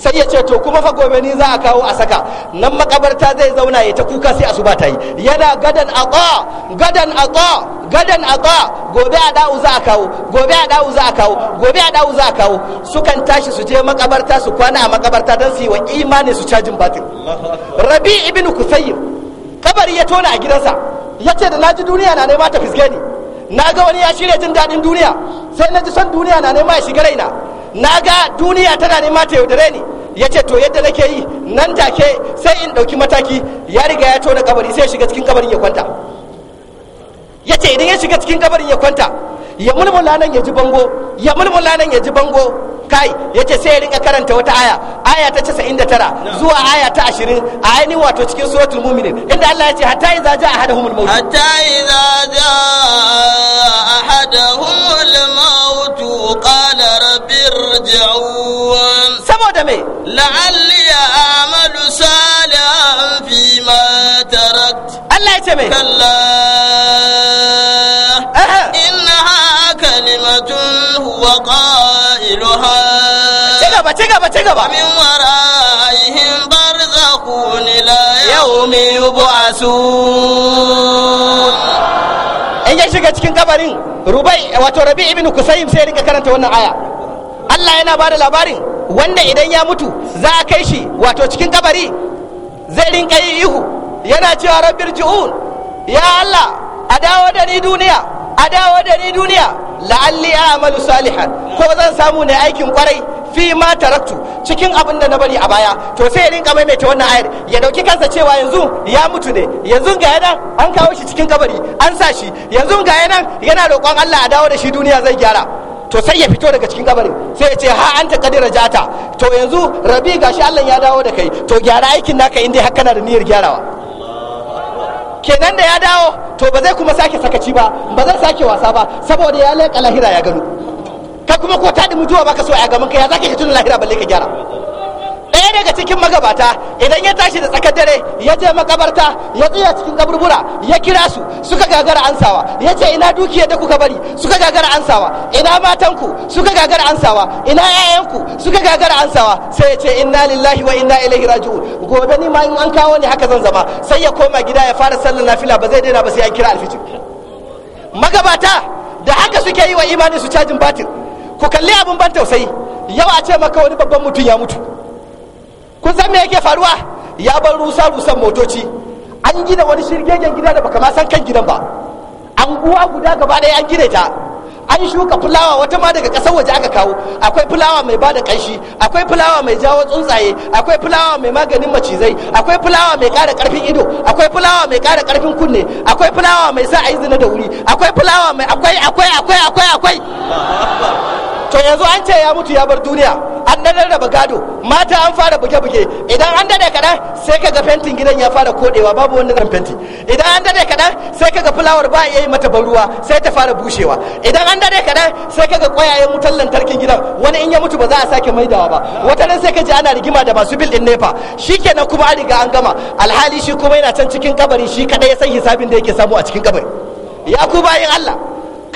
sai ya ce to kuma fa gobe ni za a kawo a saka nan makabarta zai zauna ya ta kuka sai asuba ta yi yana gadan aqa gadan aqa gadan aqa gobe a da'u za a kawo gobe a da'u za a kawo gobe a da'u za a kawo sukan tashi su je makabarta su kwana a makabarta don su yi wa imani su cajin batin rabi ibn kusayyib kabari ya tona a gidansa ya ce da naji duniya na nema ta na ga wani ya shirya jin daɗin duniya sai na ji son duniya na nema ya shiga raina na ga duniya tana nema ta yaudare ni ya ce to yadda nake yi nan take sai in ɗauki mataki ya riga ya tona kabari sai ya shiga cikin kabarin ya kwanta ya ce idan ya shiga cikin kabarin ya kwanta ya mulmula nan ya ji bango ya mulmula nan ya ji bango kai ya ce sai ya rinka karanta wata aya aya ta casa'in da tara zuwa aya ta ashirin a ainihin wato cikin suratul muminin inda Allah ya ce hatta idza ja'a ahaduhumul maut hatta idza ja'a ahaduhumul قال رب ارجعون saboda me la'alli a'malu salihan fi ma tarakt Allah ya ce me kalla innaha kalimatun huwa qailuha ci gaba ci gaba ci gaba min wara'ihim barzakhun ila yawmi yub'asun in ya shiga cikin kabarin rubai wato rabi ibn kusayim sai rika karanta wannan aya Allah yana bada labarin wanda idan ya mutu za a kai shi wato cikin kabari zai rinka yi ihu yana cewa rabbir ji'un ya Allah a dawo da ni duniya a dawo da ni duniya la'alli a'malu salihan ko zan samu ne aikin kwarai fi ma taraktu cikin abin da na bari a baya to sai ya rinka maimaita wannan ayar ya dauki kansa cewa yanzu ya mutu ne yanzu ga yana an kawo shi cikin kabari an sa shi yanzu ga yana yana roƙon Allah a dawo da shi duniya zai gyara to sai ya fito daga cikin kabarin sai ya ce ha anta kadira jata to yanzu rabi gashi Allah ya dawo da kai to gyara aikin naka in dai haka da niyyar gyarawa kenan da ya dawo to ba zai kuma sake sakaci ba ba zai sake wasa ba saboda ya leƙa lahira ya gano ka kuma ko taɗi mutuwa baka so a gaban ka ya zaka ka tuna lahira balle ka gyara ɗaya daga cikin magabata idan ya tashi da tsakar dare ya je makabarta ya tsaya cikin kaburbura ya kira su suka gagara ansawa ya ce ina dukiya da kuka bari suka gagara ansawa ina matanku suka gagara ansawa ina 'ya'yanku suka gagara ansawa sai ya ce inna lillahi wa inna ilaihi raji'un gobe ni ma in an kawo ni haka zan zama sai ya koma gida ya fara sallar nafila ba zai daina ba sai an kira alfitir magabata da haka suke yi wa imanin su cajin batir ku kalli abin ban tausayi yau a ce maka wani babban mutum ya mutu kun san me yake faruwa ya bar rusa rusan motoci an gina wani shirgegen gida da baka ma san kan gidan ba anguwa guda gaba ɗaya an gina ta an shuka fulawa wata ma daga kasar waje aka kawo akwai fulawa mai bada ƙanshi akwai fulawa mai jawo tsuntsaye akwai fulawa mai maganin macizai akwai fulawa mai kara ƙarfin ido akwai fulawa mai kara karfin kunne akwai fulawa mai sa a yi zina da wuri akwai fulawa mai akwai akwai akwai akwai akwai to yanzu an ce ya mutu ya bar duniya an dadar da gado mata an fara buge-buge idan an dade kaɗan sai kaga fentin gidan ya fara koɗewa, babu wani zan fenti idan an dade kaɗan sai kaga fulawar ba ya yi mata ban ruwa sai ta fara bushewa idan an dade kaɗan sai kaga ƙwayayen wutar lantarkin gidan wani in ya mutu ba za a sake maidawa ba wata nan sai kaji ana rigima da masu bil din nefa kenan kuma an riga an gama alhali shi kuma yana can cikin kabari shi kadai ya san hisabin da yake samu a cikin kabari ya ku bayin Allah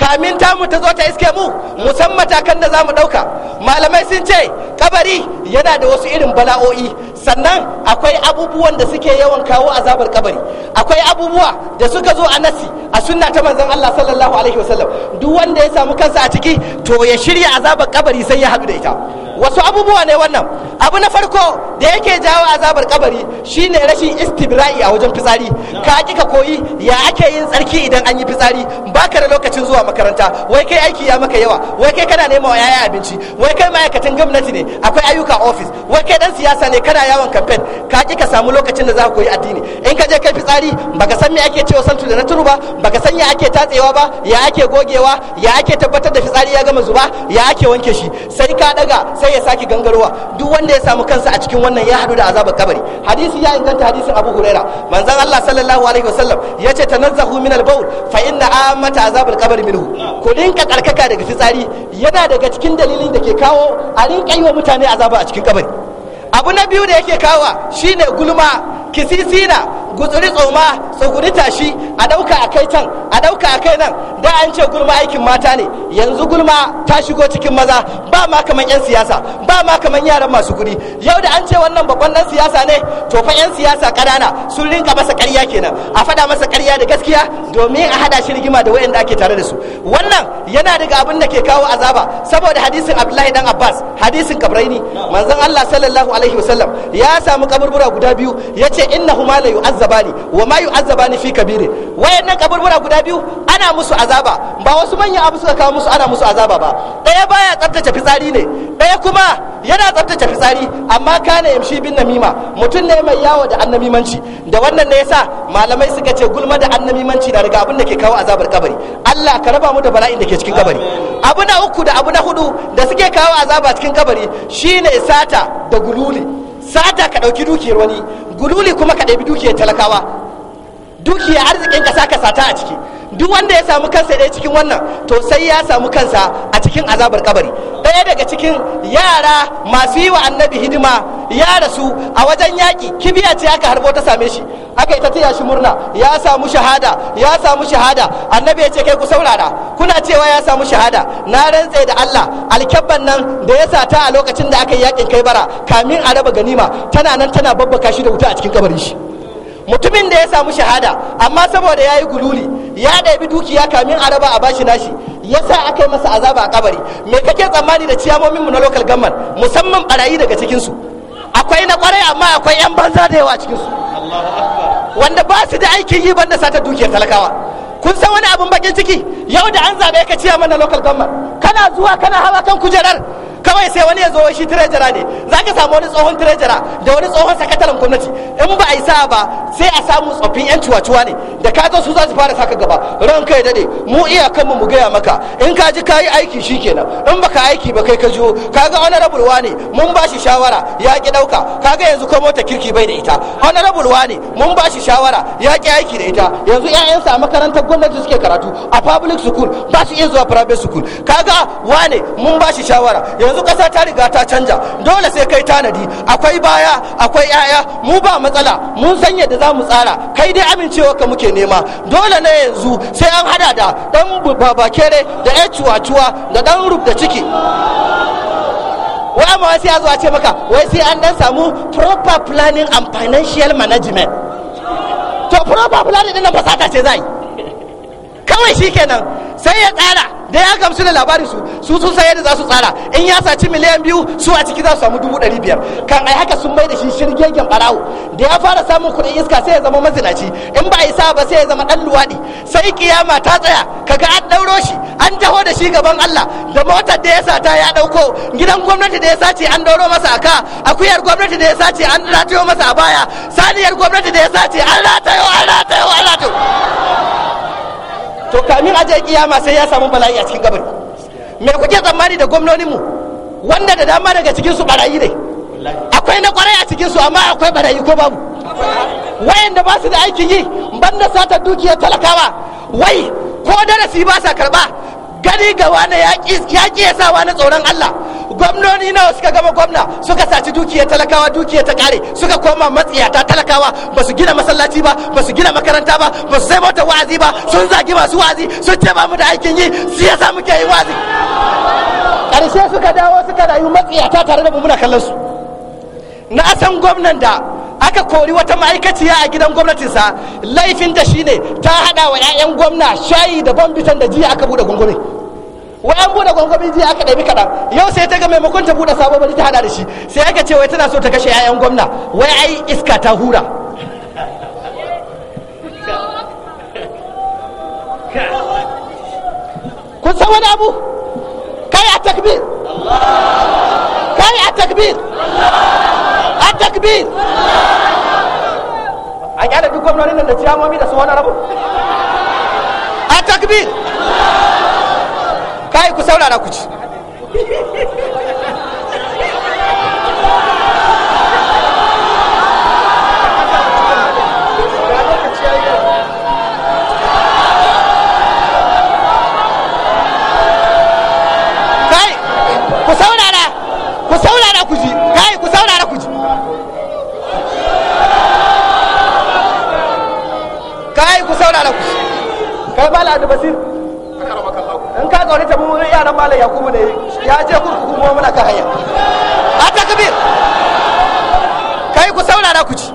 kamin ta mu ta zo ta iske mu musamman matakan da zamu mu ɗauka malamai sun ce kabari yana da wasu irin bala'o'i sannan akwai abubuwan da suke yawan kawo azabar kabari akwai abubuwa da suka zo a nasi a sunna ta manzon Allah sallallahu alaihi wasallam duk wanda ya samu kansa a ciki to ya shirya azabar kabari sai ya haɗu da ita wasu abubuwa ne wannan abu na farko da yake jawo azabar kabari shine rashin istibra'i a wajen fitsari ka ki ka koyi ya ake yin tsarki idan an yi fitsari baka da lokacin zuwa makaranta wai kai aiki ya maka yawa wai kai kana nema wa yaya abinci wai kai ma'aikatan gwamnati ne akwai ayyuka ofis wai kai dan siyasa ne kana yawon kamfen ka ki ka samu lokacin da za ka koyi addini in ka je kai fitsari baka san me ake cewa santu da naturu ba baka san ya ake tatsewa ba ya ake gogewa ya ake tabbatar da fitsari ya gama zuba ya ake wanke shi sai ka daga sai ya saki gangarowa duk wanda ya samu kansa a cikin wannan ya hadu da azabar kabari hadisi ya inganta hadisin abu huraira manzon Allah sallallahu alaihi wasallam yace tanazzahu min al-bawl fa inna amata azabul qabr minhu ku rinka tsarkaka daga fitsari yana daga cikin dalilin da ke kawo a rinka yi wa mutane azaba a cikin kabari abu na biyu da yake kawa shine gulma kisisina gutsuri tsoma tsuguri tashi a ɗauka a kai can a ɗauka a kai nan da an ce gulma aikin mata ne yanzu gulma ta shigo cikin maza ba ma kaman 'yan siyasa ba ma kamar yaran masu guri yau da an ce wannan babban dan siyasa ne to fa 'yan siyasa kanana sun rinka masa ƙarya kenan a faɗa masa ƙarya da gaskiya domin a haɗa shi rigima da wayanda ake tare da su wannan yana daga abin da ke kawo azaba saboda hadisin abdullahi dan abbas hadisin kabraini manzon allah sallallahu alaihi wasallam ya samu kaburbura guda biyu yace innahuma la yu'azza yu'azzabani wa ma yu'azzabani fi kabire wayannan kaburbura guda biyu ana musu azaba ba wasu manyan abu suka kawo musu ana musu azaba ba daya baya tsaftace fitsari ne daya kuma yana tsaftace fitsari amma kana yamshi bin namima mutum ne mai yawo da annabimanci da wannan ne yasa malamai suka ce gulma da annabimanci na riga abin da ke kawo azabar kabari Allah ka raba mu da bala'in da ke cikin kabari abu na uku da abu na hudu da suke kawo azaba cikin kabari shine sata da gululi sata ka ɗauki dukiyar wani gululi kuma ka ɗabi dukiyar talakawa dukiya arzikin ƙasa ka sata a ciki duk wanda ya samu kansa ɗaya cikin wannan to sai ya samu kansa a cikin azabar kabari ɗaya daga cikin yara masu yi wa annabi hidima ya rasu a wajen yaƙi kibiya ce aka harbo ta same shi aka yi ta tiya shi murna ya samu shahada ya samu shahada annabi ya ce kai ku saurara kuna cewa ya samu shahada na rantse da Allah alkyabban nan da ya sata a lokacin da aka yi yaƙin kai bara kamin a raba ganima tana nan tana babbaka shi da wuta a cikin kabarin shi mutumin da ya samu shahada amma saboda ya yi gululi ya ɗabi dukiya kamin a raba a bashi nashi ya sa aka yi masa azaba a kabari me kake tsammani da ciyamominmu na local government musamman barayi daga cikinsu akwai na kwarai amma akwai 'yan banza da yawa cikinsu wanda ba su da aikin yi banda sata dukiyar talakawa kun san wani abun bakin ciki yau da an zabe ka ciyaman na local government kana zuwa kana hawa kan kujerar kawai sai wani ya zo shi tirejara ne za ka samu wani tsohon tirejara da wani tsohon sakataren gwamnati in ba a yi sa'a ba sai a samu tsoffin yan cuwa ne da ka zo su za su fara saka gaba ran kai dade mu iya kan mu gaya maka in ka ji ka yi aiki shi kenan in baka aiki ba kai ka jiyo ka ga honorable ne mun ba shi shawara ya ki dauka ka ga yanzu ko mota kirki bai da ita honorable ne mun ba shi shawara ya ki aiki da ita yanzu ƴaƴansa a makarantar gwamnati suke karatu a public school ba su iya zuwa private school ka ga wane mun ba shi shawara yanzu ƙasa ta riga ta canja dole sai kai tanadi akwai baya akwai 'ya'ya mu ba matsala mun san yadda za mu tsara kai dai amincewa ka muke nema dole na yanzu sai an hada da baba babakere da 'yan cuwa da ɗan rub da ciki wa amma sai ce maka wai sai an dan samu proper planning and financial management to proper planning din nan fasata ce zai kawai shikenan sai ya tsara da ya gamsu da labarin su su sun sayar da za su tsara in ya saci miliyan biyu su a ciki za su samu dubu ɗari biyar kan ai haka sun bai da shi shirgegen barawo da ya fara samun kuɗin iska sai ya zama mazinaci in ba a yi sa ba sai ya zama ɗan luwaɗi sai kiyama ta tsaya kaga an ɗauro shi an taho da shi gaban Allah da motar da ya sata ya ɗauko gidan gwamnati da ya sace an ɗauro masa a ka akuyar gwamnati da ya sace an ratayo masa a baya saniyar gwamnati da ya sace an ratayo an ratayo an ratayo to kamin aje kiyama sai ya samu bala'i a cikin kabari me kuke tsammani da gwamnonin mu wanda da dama daga cikin su barayi ne akwai na kwarai a cikin su amma akwai barayi ko babu wayanda ba su da aikin yi banda sata dukiyar talakawa wai ko darasi ba sa karba gani ga wani ya ƙi ya sa wani tsoron Allah gwamnoni nawa suka gama gwamna suka saci dukiyar talakawa dukiyar ta kare suka koma matsiyata talakawa ba su gina masallaci ba ba su gina makaranta ba ba su sai mota wa'azi ba sun zagi masu wa'azi sun ce ba mu da aikin yi su yasa muke yi wa'azi karshe suka dawo suka rayu matsiyata tare da mu muna kallon su na san gwamnan da aka kori wata ma'aikaciya a gidan gwamnatinsa laifin da ne ta hada wa 'ya'yan gwamna shayi da bambitan da jiya aka bude gwangwami wa an bude gwangwami jiya aka ɗabi kaɗan yau sai ta ga maimakon ta bude sabon bari ta hada da shi sai aka ce wai tana so ta kashe 'ya'yan gwamna wai ai iska ta hura kun san wani abu kai a takbir kai a takbir a takbir a kyale duk nan da ciyamomi da su wani rabu a takbir kai ku saurara ku ci basir in ka gauri ta yaran malam yakubu ne ya je muna kan hanya kai ku saurara ku ci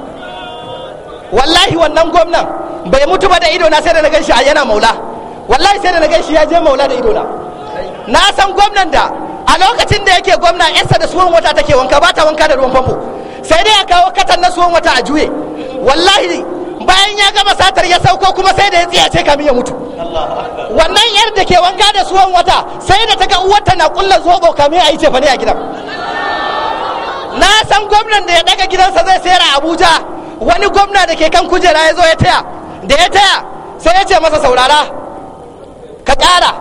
wallahi wannan gwamnan bai mutu ba da ido na sai da na shi a yana maula wallahi sai da na shi ya je maula da idona na san gwamnan da a lokacin da yake gwamna yarsa da suwan wata take wanka ba ta wanka da ruwan famfo sai dai ya kawo katan na suwan wata a juye wallahi bayan ya gama satar ya sauko kuma sai da ya tsiyace kamin ya mutu wannan yar da ke wanka da suwan wata sai da ta ga uwarta na kulla zobo kamin a yi cefane a gidan na san gwamnan da ya daga gidansa zai sayar a abuja wani gwamna da ke kan kujera ya zo ya taya da ya taya sai ya ce masa saurara ka ƙara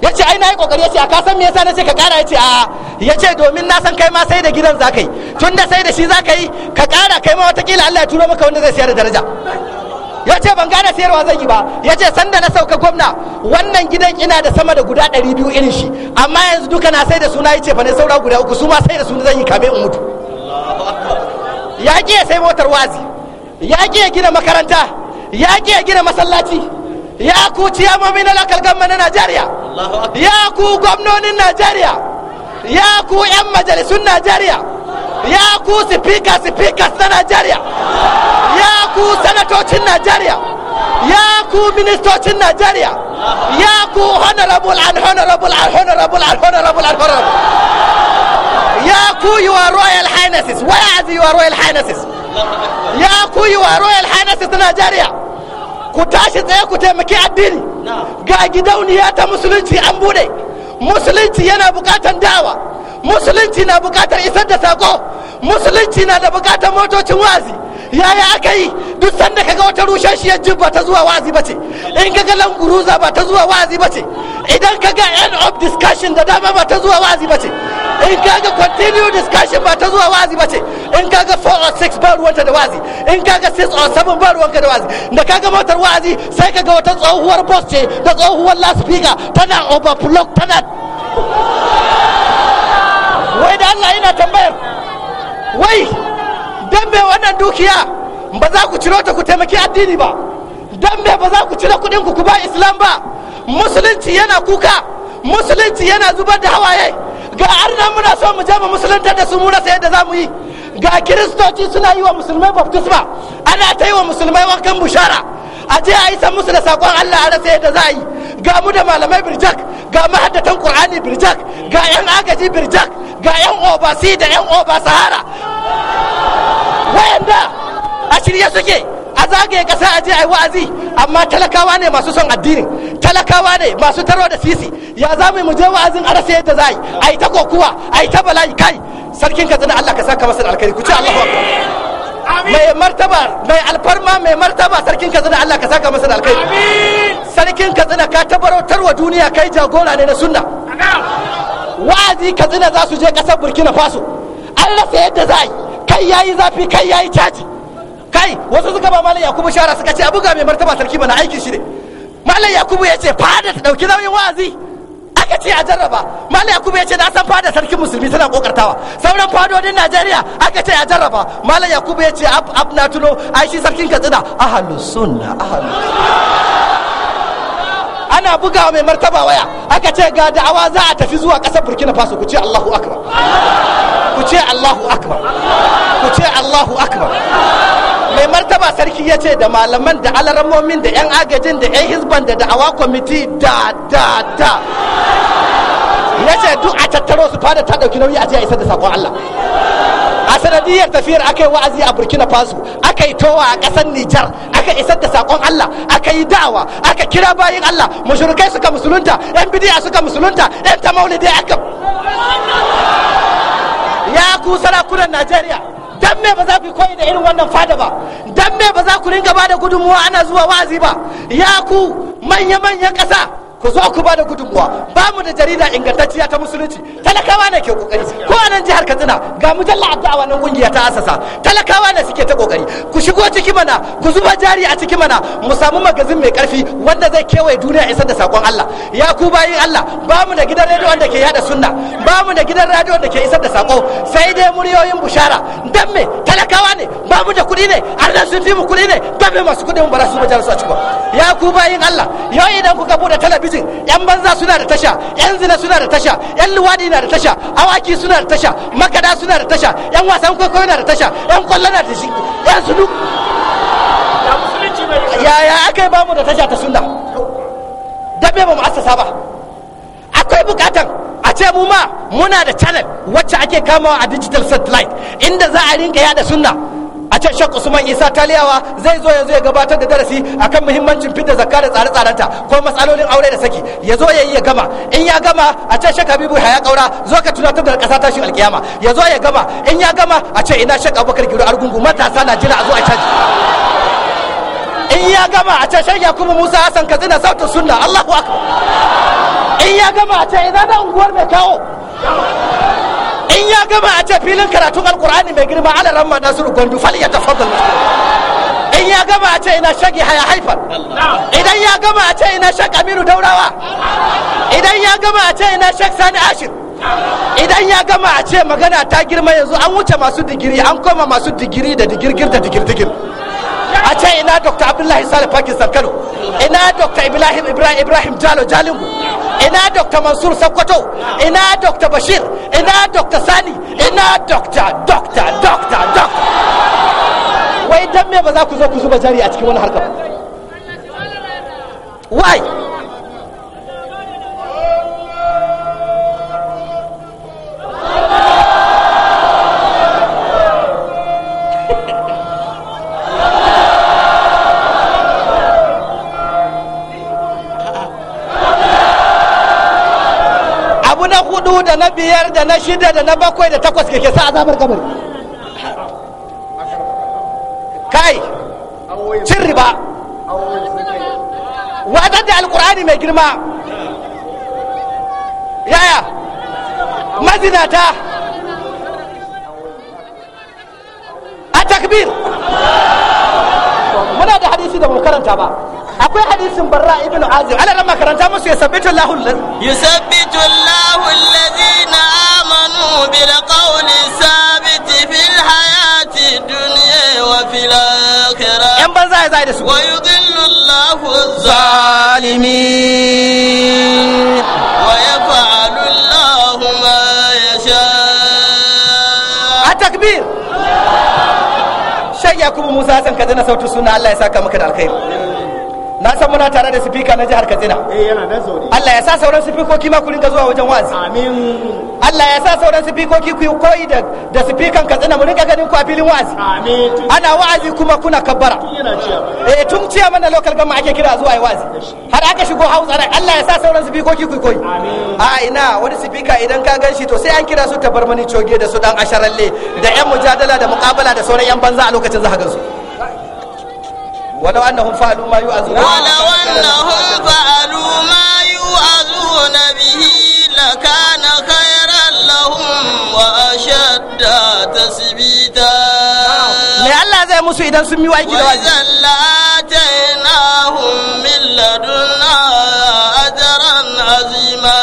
ya ce ai na yi ƙoƙari ya ce a kasan me yasa na ce ka ƙara ya ce a ya ce domin na san kai ma sai da gidan za ka yi tun da sai da shi za ka yi ka ƙara kai ma watakila allah ya turo maka wanda zai sayar da daraja ya ce ban gane sayarwa zai yi ba ya ce sanda na sauka gwamna wannan gidan ina da sama da guda 200 irin shi amma yanzu duka na sai da suna ya ce ba ne saura guda uku su ma sai da suna zan yi kame in mutu ya ya sai motar wazi ya ƙi ya gina makaranta ya ya gina masallaci ya ku ciyamomi na lokal gamma na najeriya ya ku gwamnonin najeriya ya ku 'yan majalisun najeriya ya ku sifika sifikas na najeriya ya ku sanatocin najeriya ya ku ministocin najeriya ya ku honorable and honorable and honorable and honorable and honorable ya ku wa royal highnesses where are wa royal highnesses ya ku wa royal highnesses na najeriya ku tashi tsaye ku taimaki addini ga gidauniya ta musulunci an bude musulunci yana bukatan dawa musulunci na bukatar isar da sako musulunci na da bukatar motocin wazi yaya aka yi duk sanda kaga wata shi jib ba ta zuwa wazi ba ce in kaga languruza ba ta zuwa wazi ba ce idan kaga end of discussion da dama ba ta zuwa wazi ba ce in kaga continue discussion ba ta zuwa wazi ba ce in kaga 4 or 6 ba ruwanta da wazi in kaga 6 or 7 ba ruwanka da wazi da kaga motar wazi sai kaga wata tsohuwar bus ce da tsohuwar speaker tana overflow tana wai da Allah yana tambayar wai don me wannan dukiya ba za ku ciro ta ku taimaki addini ba don me ba za ku cire kudin ku ba islam ba musulunci yana kuka musulunci yana zubar da hawaye ga arna muna so mu je mu musulunta da su mu rasa yadda za mu yi ga kiristoci suna yi wa musulmai baptisma ana ta yi wa musulmai wankan bushara a je a yi san musu da sakon Allah a rasa yadda za a yi ga mu da malamai birjak ga mahaddatan Qur'ani birjak ga yan agaji birjak ga yan obasi da yan oba sahara wayanda a shirye suke a zagaye kasa a je a yi wa'azi amma talakawa ne masu son addinin talakawa ne masu taro da sisi ya za mu je wa'azin a rasa yadda za a yi ta kokuwa a yi ta bala'i kai sarkin ka Allah ka saka masa da alkhairi ku ci Allahu akbar mai martaba mai alfarma mai martaba sarkin katsina Allah ka saka masa da alkai sarkin katsina ka tabarotar wa duniya kai jagora ne na sunna wa'azi katsina za su je kasar burkina faso an rasa yadda za yi kai yayi zafi kai yayi caji kai wasu suka ba malam yakubu shara suka ce abuga mai martaba sarki bana aikin shi ne malam yakubu ya ce fada ta ɗauki nauyin wa'azi aka ce a jarraba malam yakubu ya ce na san fada sarkin musulmi tana kokartawa sauran fadodin najeriya aka ce a jarraba malam yakubu ya ce ab na tuno ai shi sarkin katsina ahalus sunna ahalus ana bugawa mai martaba waya aka ce ga da'awa za a tafi zuwa ƙasar burkina faso ku ce allahu akbar ku ce allahu akbar ku ce allahu akbar mai martaba sarki ya ce da malaman da alaramomin da 'yan agajin da 'yan hisban da da'awa kwamiti da da da ya ce duk a tattaro su fada ta ɗauki nauyi a jiya isar da saƙon Allah a sanadiyar tafiyar aka yi wa'azi a burkina faso aka yi towa a ƙasar nijar aka isar da saƙon allah aka yi da'awa aka kira bayin allah mushrikai suka musulunta yan bidiya suka musulunta yan ta maulidi aka ya ku sarakunan najeriya dan me ba za ku koyi da irin wannan fada ba dan me ba za ku ringa da gudunmuwa ana zuwa wa'azi ba ya ku manya-manyan ƙasa ku zo ku bada gudunmuwa ba mu da jarida ingantacciya ta musulunci talakawa ne ke kokari ko a nan jihar katsina ga mujalla abdu a wannan kungiya ta asasa talakawa ne suke ta kokari ku shigo ciki mana ku zuba jari a ciki mana mu samu magazin mai karfi wanda zai kewaye duniya isar da sakon Allah ya ku bayin Allah ba mu da gidan radio wanda ke yada sunna ba mu da gidan radio wanda ke isar da sako sai dai muryoyin bushara dan me talakawa ne ba mu da kuɗi ne har da sun fi mu kuɗi ne dan me masu kuɗi mu ba za su zuba jari a ciki ya ku bayin Allah yau idan kuka bude talabijin talabijin yan banza suna da tasha yan zina suna da tasha yan luwadi na da tasha awaki suna da tasha makada suna da tasha yan wasan kwaikwayo na da tasha yan kwallo na da shi yan sunu yaya aka yi bamu da tasha ta sunna dabe ba mu asasa ba akwai bukatan a ce mu ma muna da channel wacce ake kamawa a digital satellite inda za a rinka yada sunna a can shek usman isa taliyawa zai zo yanzu ya gabatar da darasi akan muhimmancin fidda zakka da tsare-tsarenta ko matsalolin aure da saki ya zo ya yi ya gama in ya gama a can shek habibu haya kaura zo ka tunatar da kasa tashin alkiyama ya zo ya gama in ya gama a ce ina shek abubakar giro argungu matasa na jira a zo a caji in ya gama a can shek yakubu musa hassan katsina sautu sunna allahu akbar in ya gama a can ina da unguwar mai kawo in ya gama a ce filin karatun alkur'ani mai girma ala ramma nasiru gwandu fal ya tafaddal in ya gama a ce ina shagi haya haifar idan ya gama a ce ina shag aminu daurawa idan ya gama a ce ina shag sani ashir idan ya gama a ce magana ta girma yanzu an wuce masu digiri an koma masu digiri da digirgir da digirdigir a ce ina dr abdullahi salih pakistan kano ina dr ibrahim ibrahim jalo jalingu ina dr mansur sakkwato ina dr bashir ina dr sani ina dr dr dr dr wai dan me ba za ku zo ku zuba jari a cikin wani harkar wai hudu da na biyar da na shida da na bakwai da takwas kake sa azabar kabari kai cin riba wadar da alkur'ani mai girma yaya mazinata a takbir muna da hadisi da mu karanta ba akwai hadisin barra ibn azim ana ran makaranta musu ya sabbitu lahul yusabbitu wula na ƙau lissafi tifin hayati duniya wofin la kira. yan banza suna allah ya saka mu ka da alkayel. na san muna tare da sifika na jihar katsina eh, Allah ya sa sauran sifikoki ma ku rinka zuwa wajen wazi Allah ya sa sauran sifikoki ku koyi da da sifikan katsina mu rinka ganin ku a filin wazi ana wazi kuma kuna kabbara eh tun ciya mana local gama ake kira zuwa yi wazi har aka shigo hausa rai Allah ya sa sauran sifikoki ku koyi a ina wani sifika idan ka gan shi to sai an kira su tabarmani coge da su dan asharalle da yan mujadala da muqabala da sauran yan banza a lokacin zaka ka gan su Wa d'an anna kuma fa a d'u ma yi a zoro. A da wani ma yi a bihi na kada لهم وأشد تثبيتا me Allah zai musu idan sun yi aiki da wajibi wa zalatainahum min ladunna ajran azima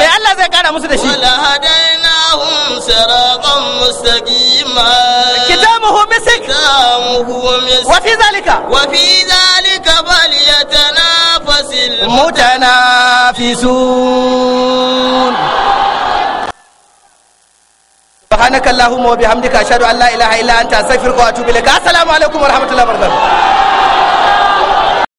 me Allah zai kara musu da shi wala hadainahum siratan mustaqima kitabuhu misik kitabuhu misik wa fi zalika wa fi zalika falyatanafasil mutanafisun subhanaka allahumma wa bihamdika ashhadu an ilaha illa anta astaghfiruka wa atubu ilaik assalamu alaikum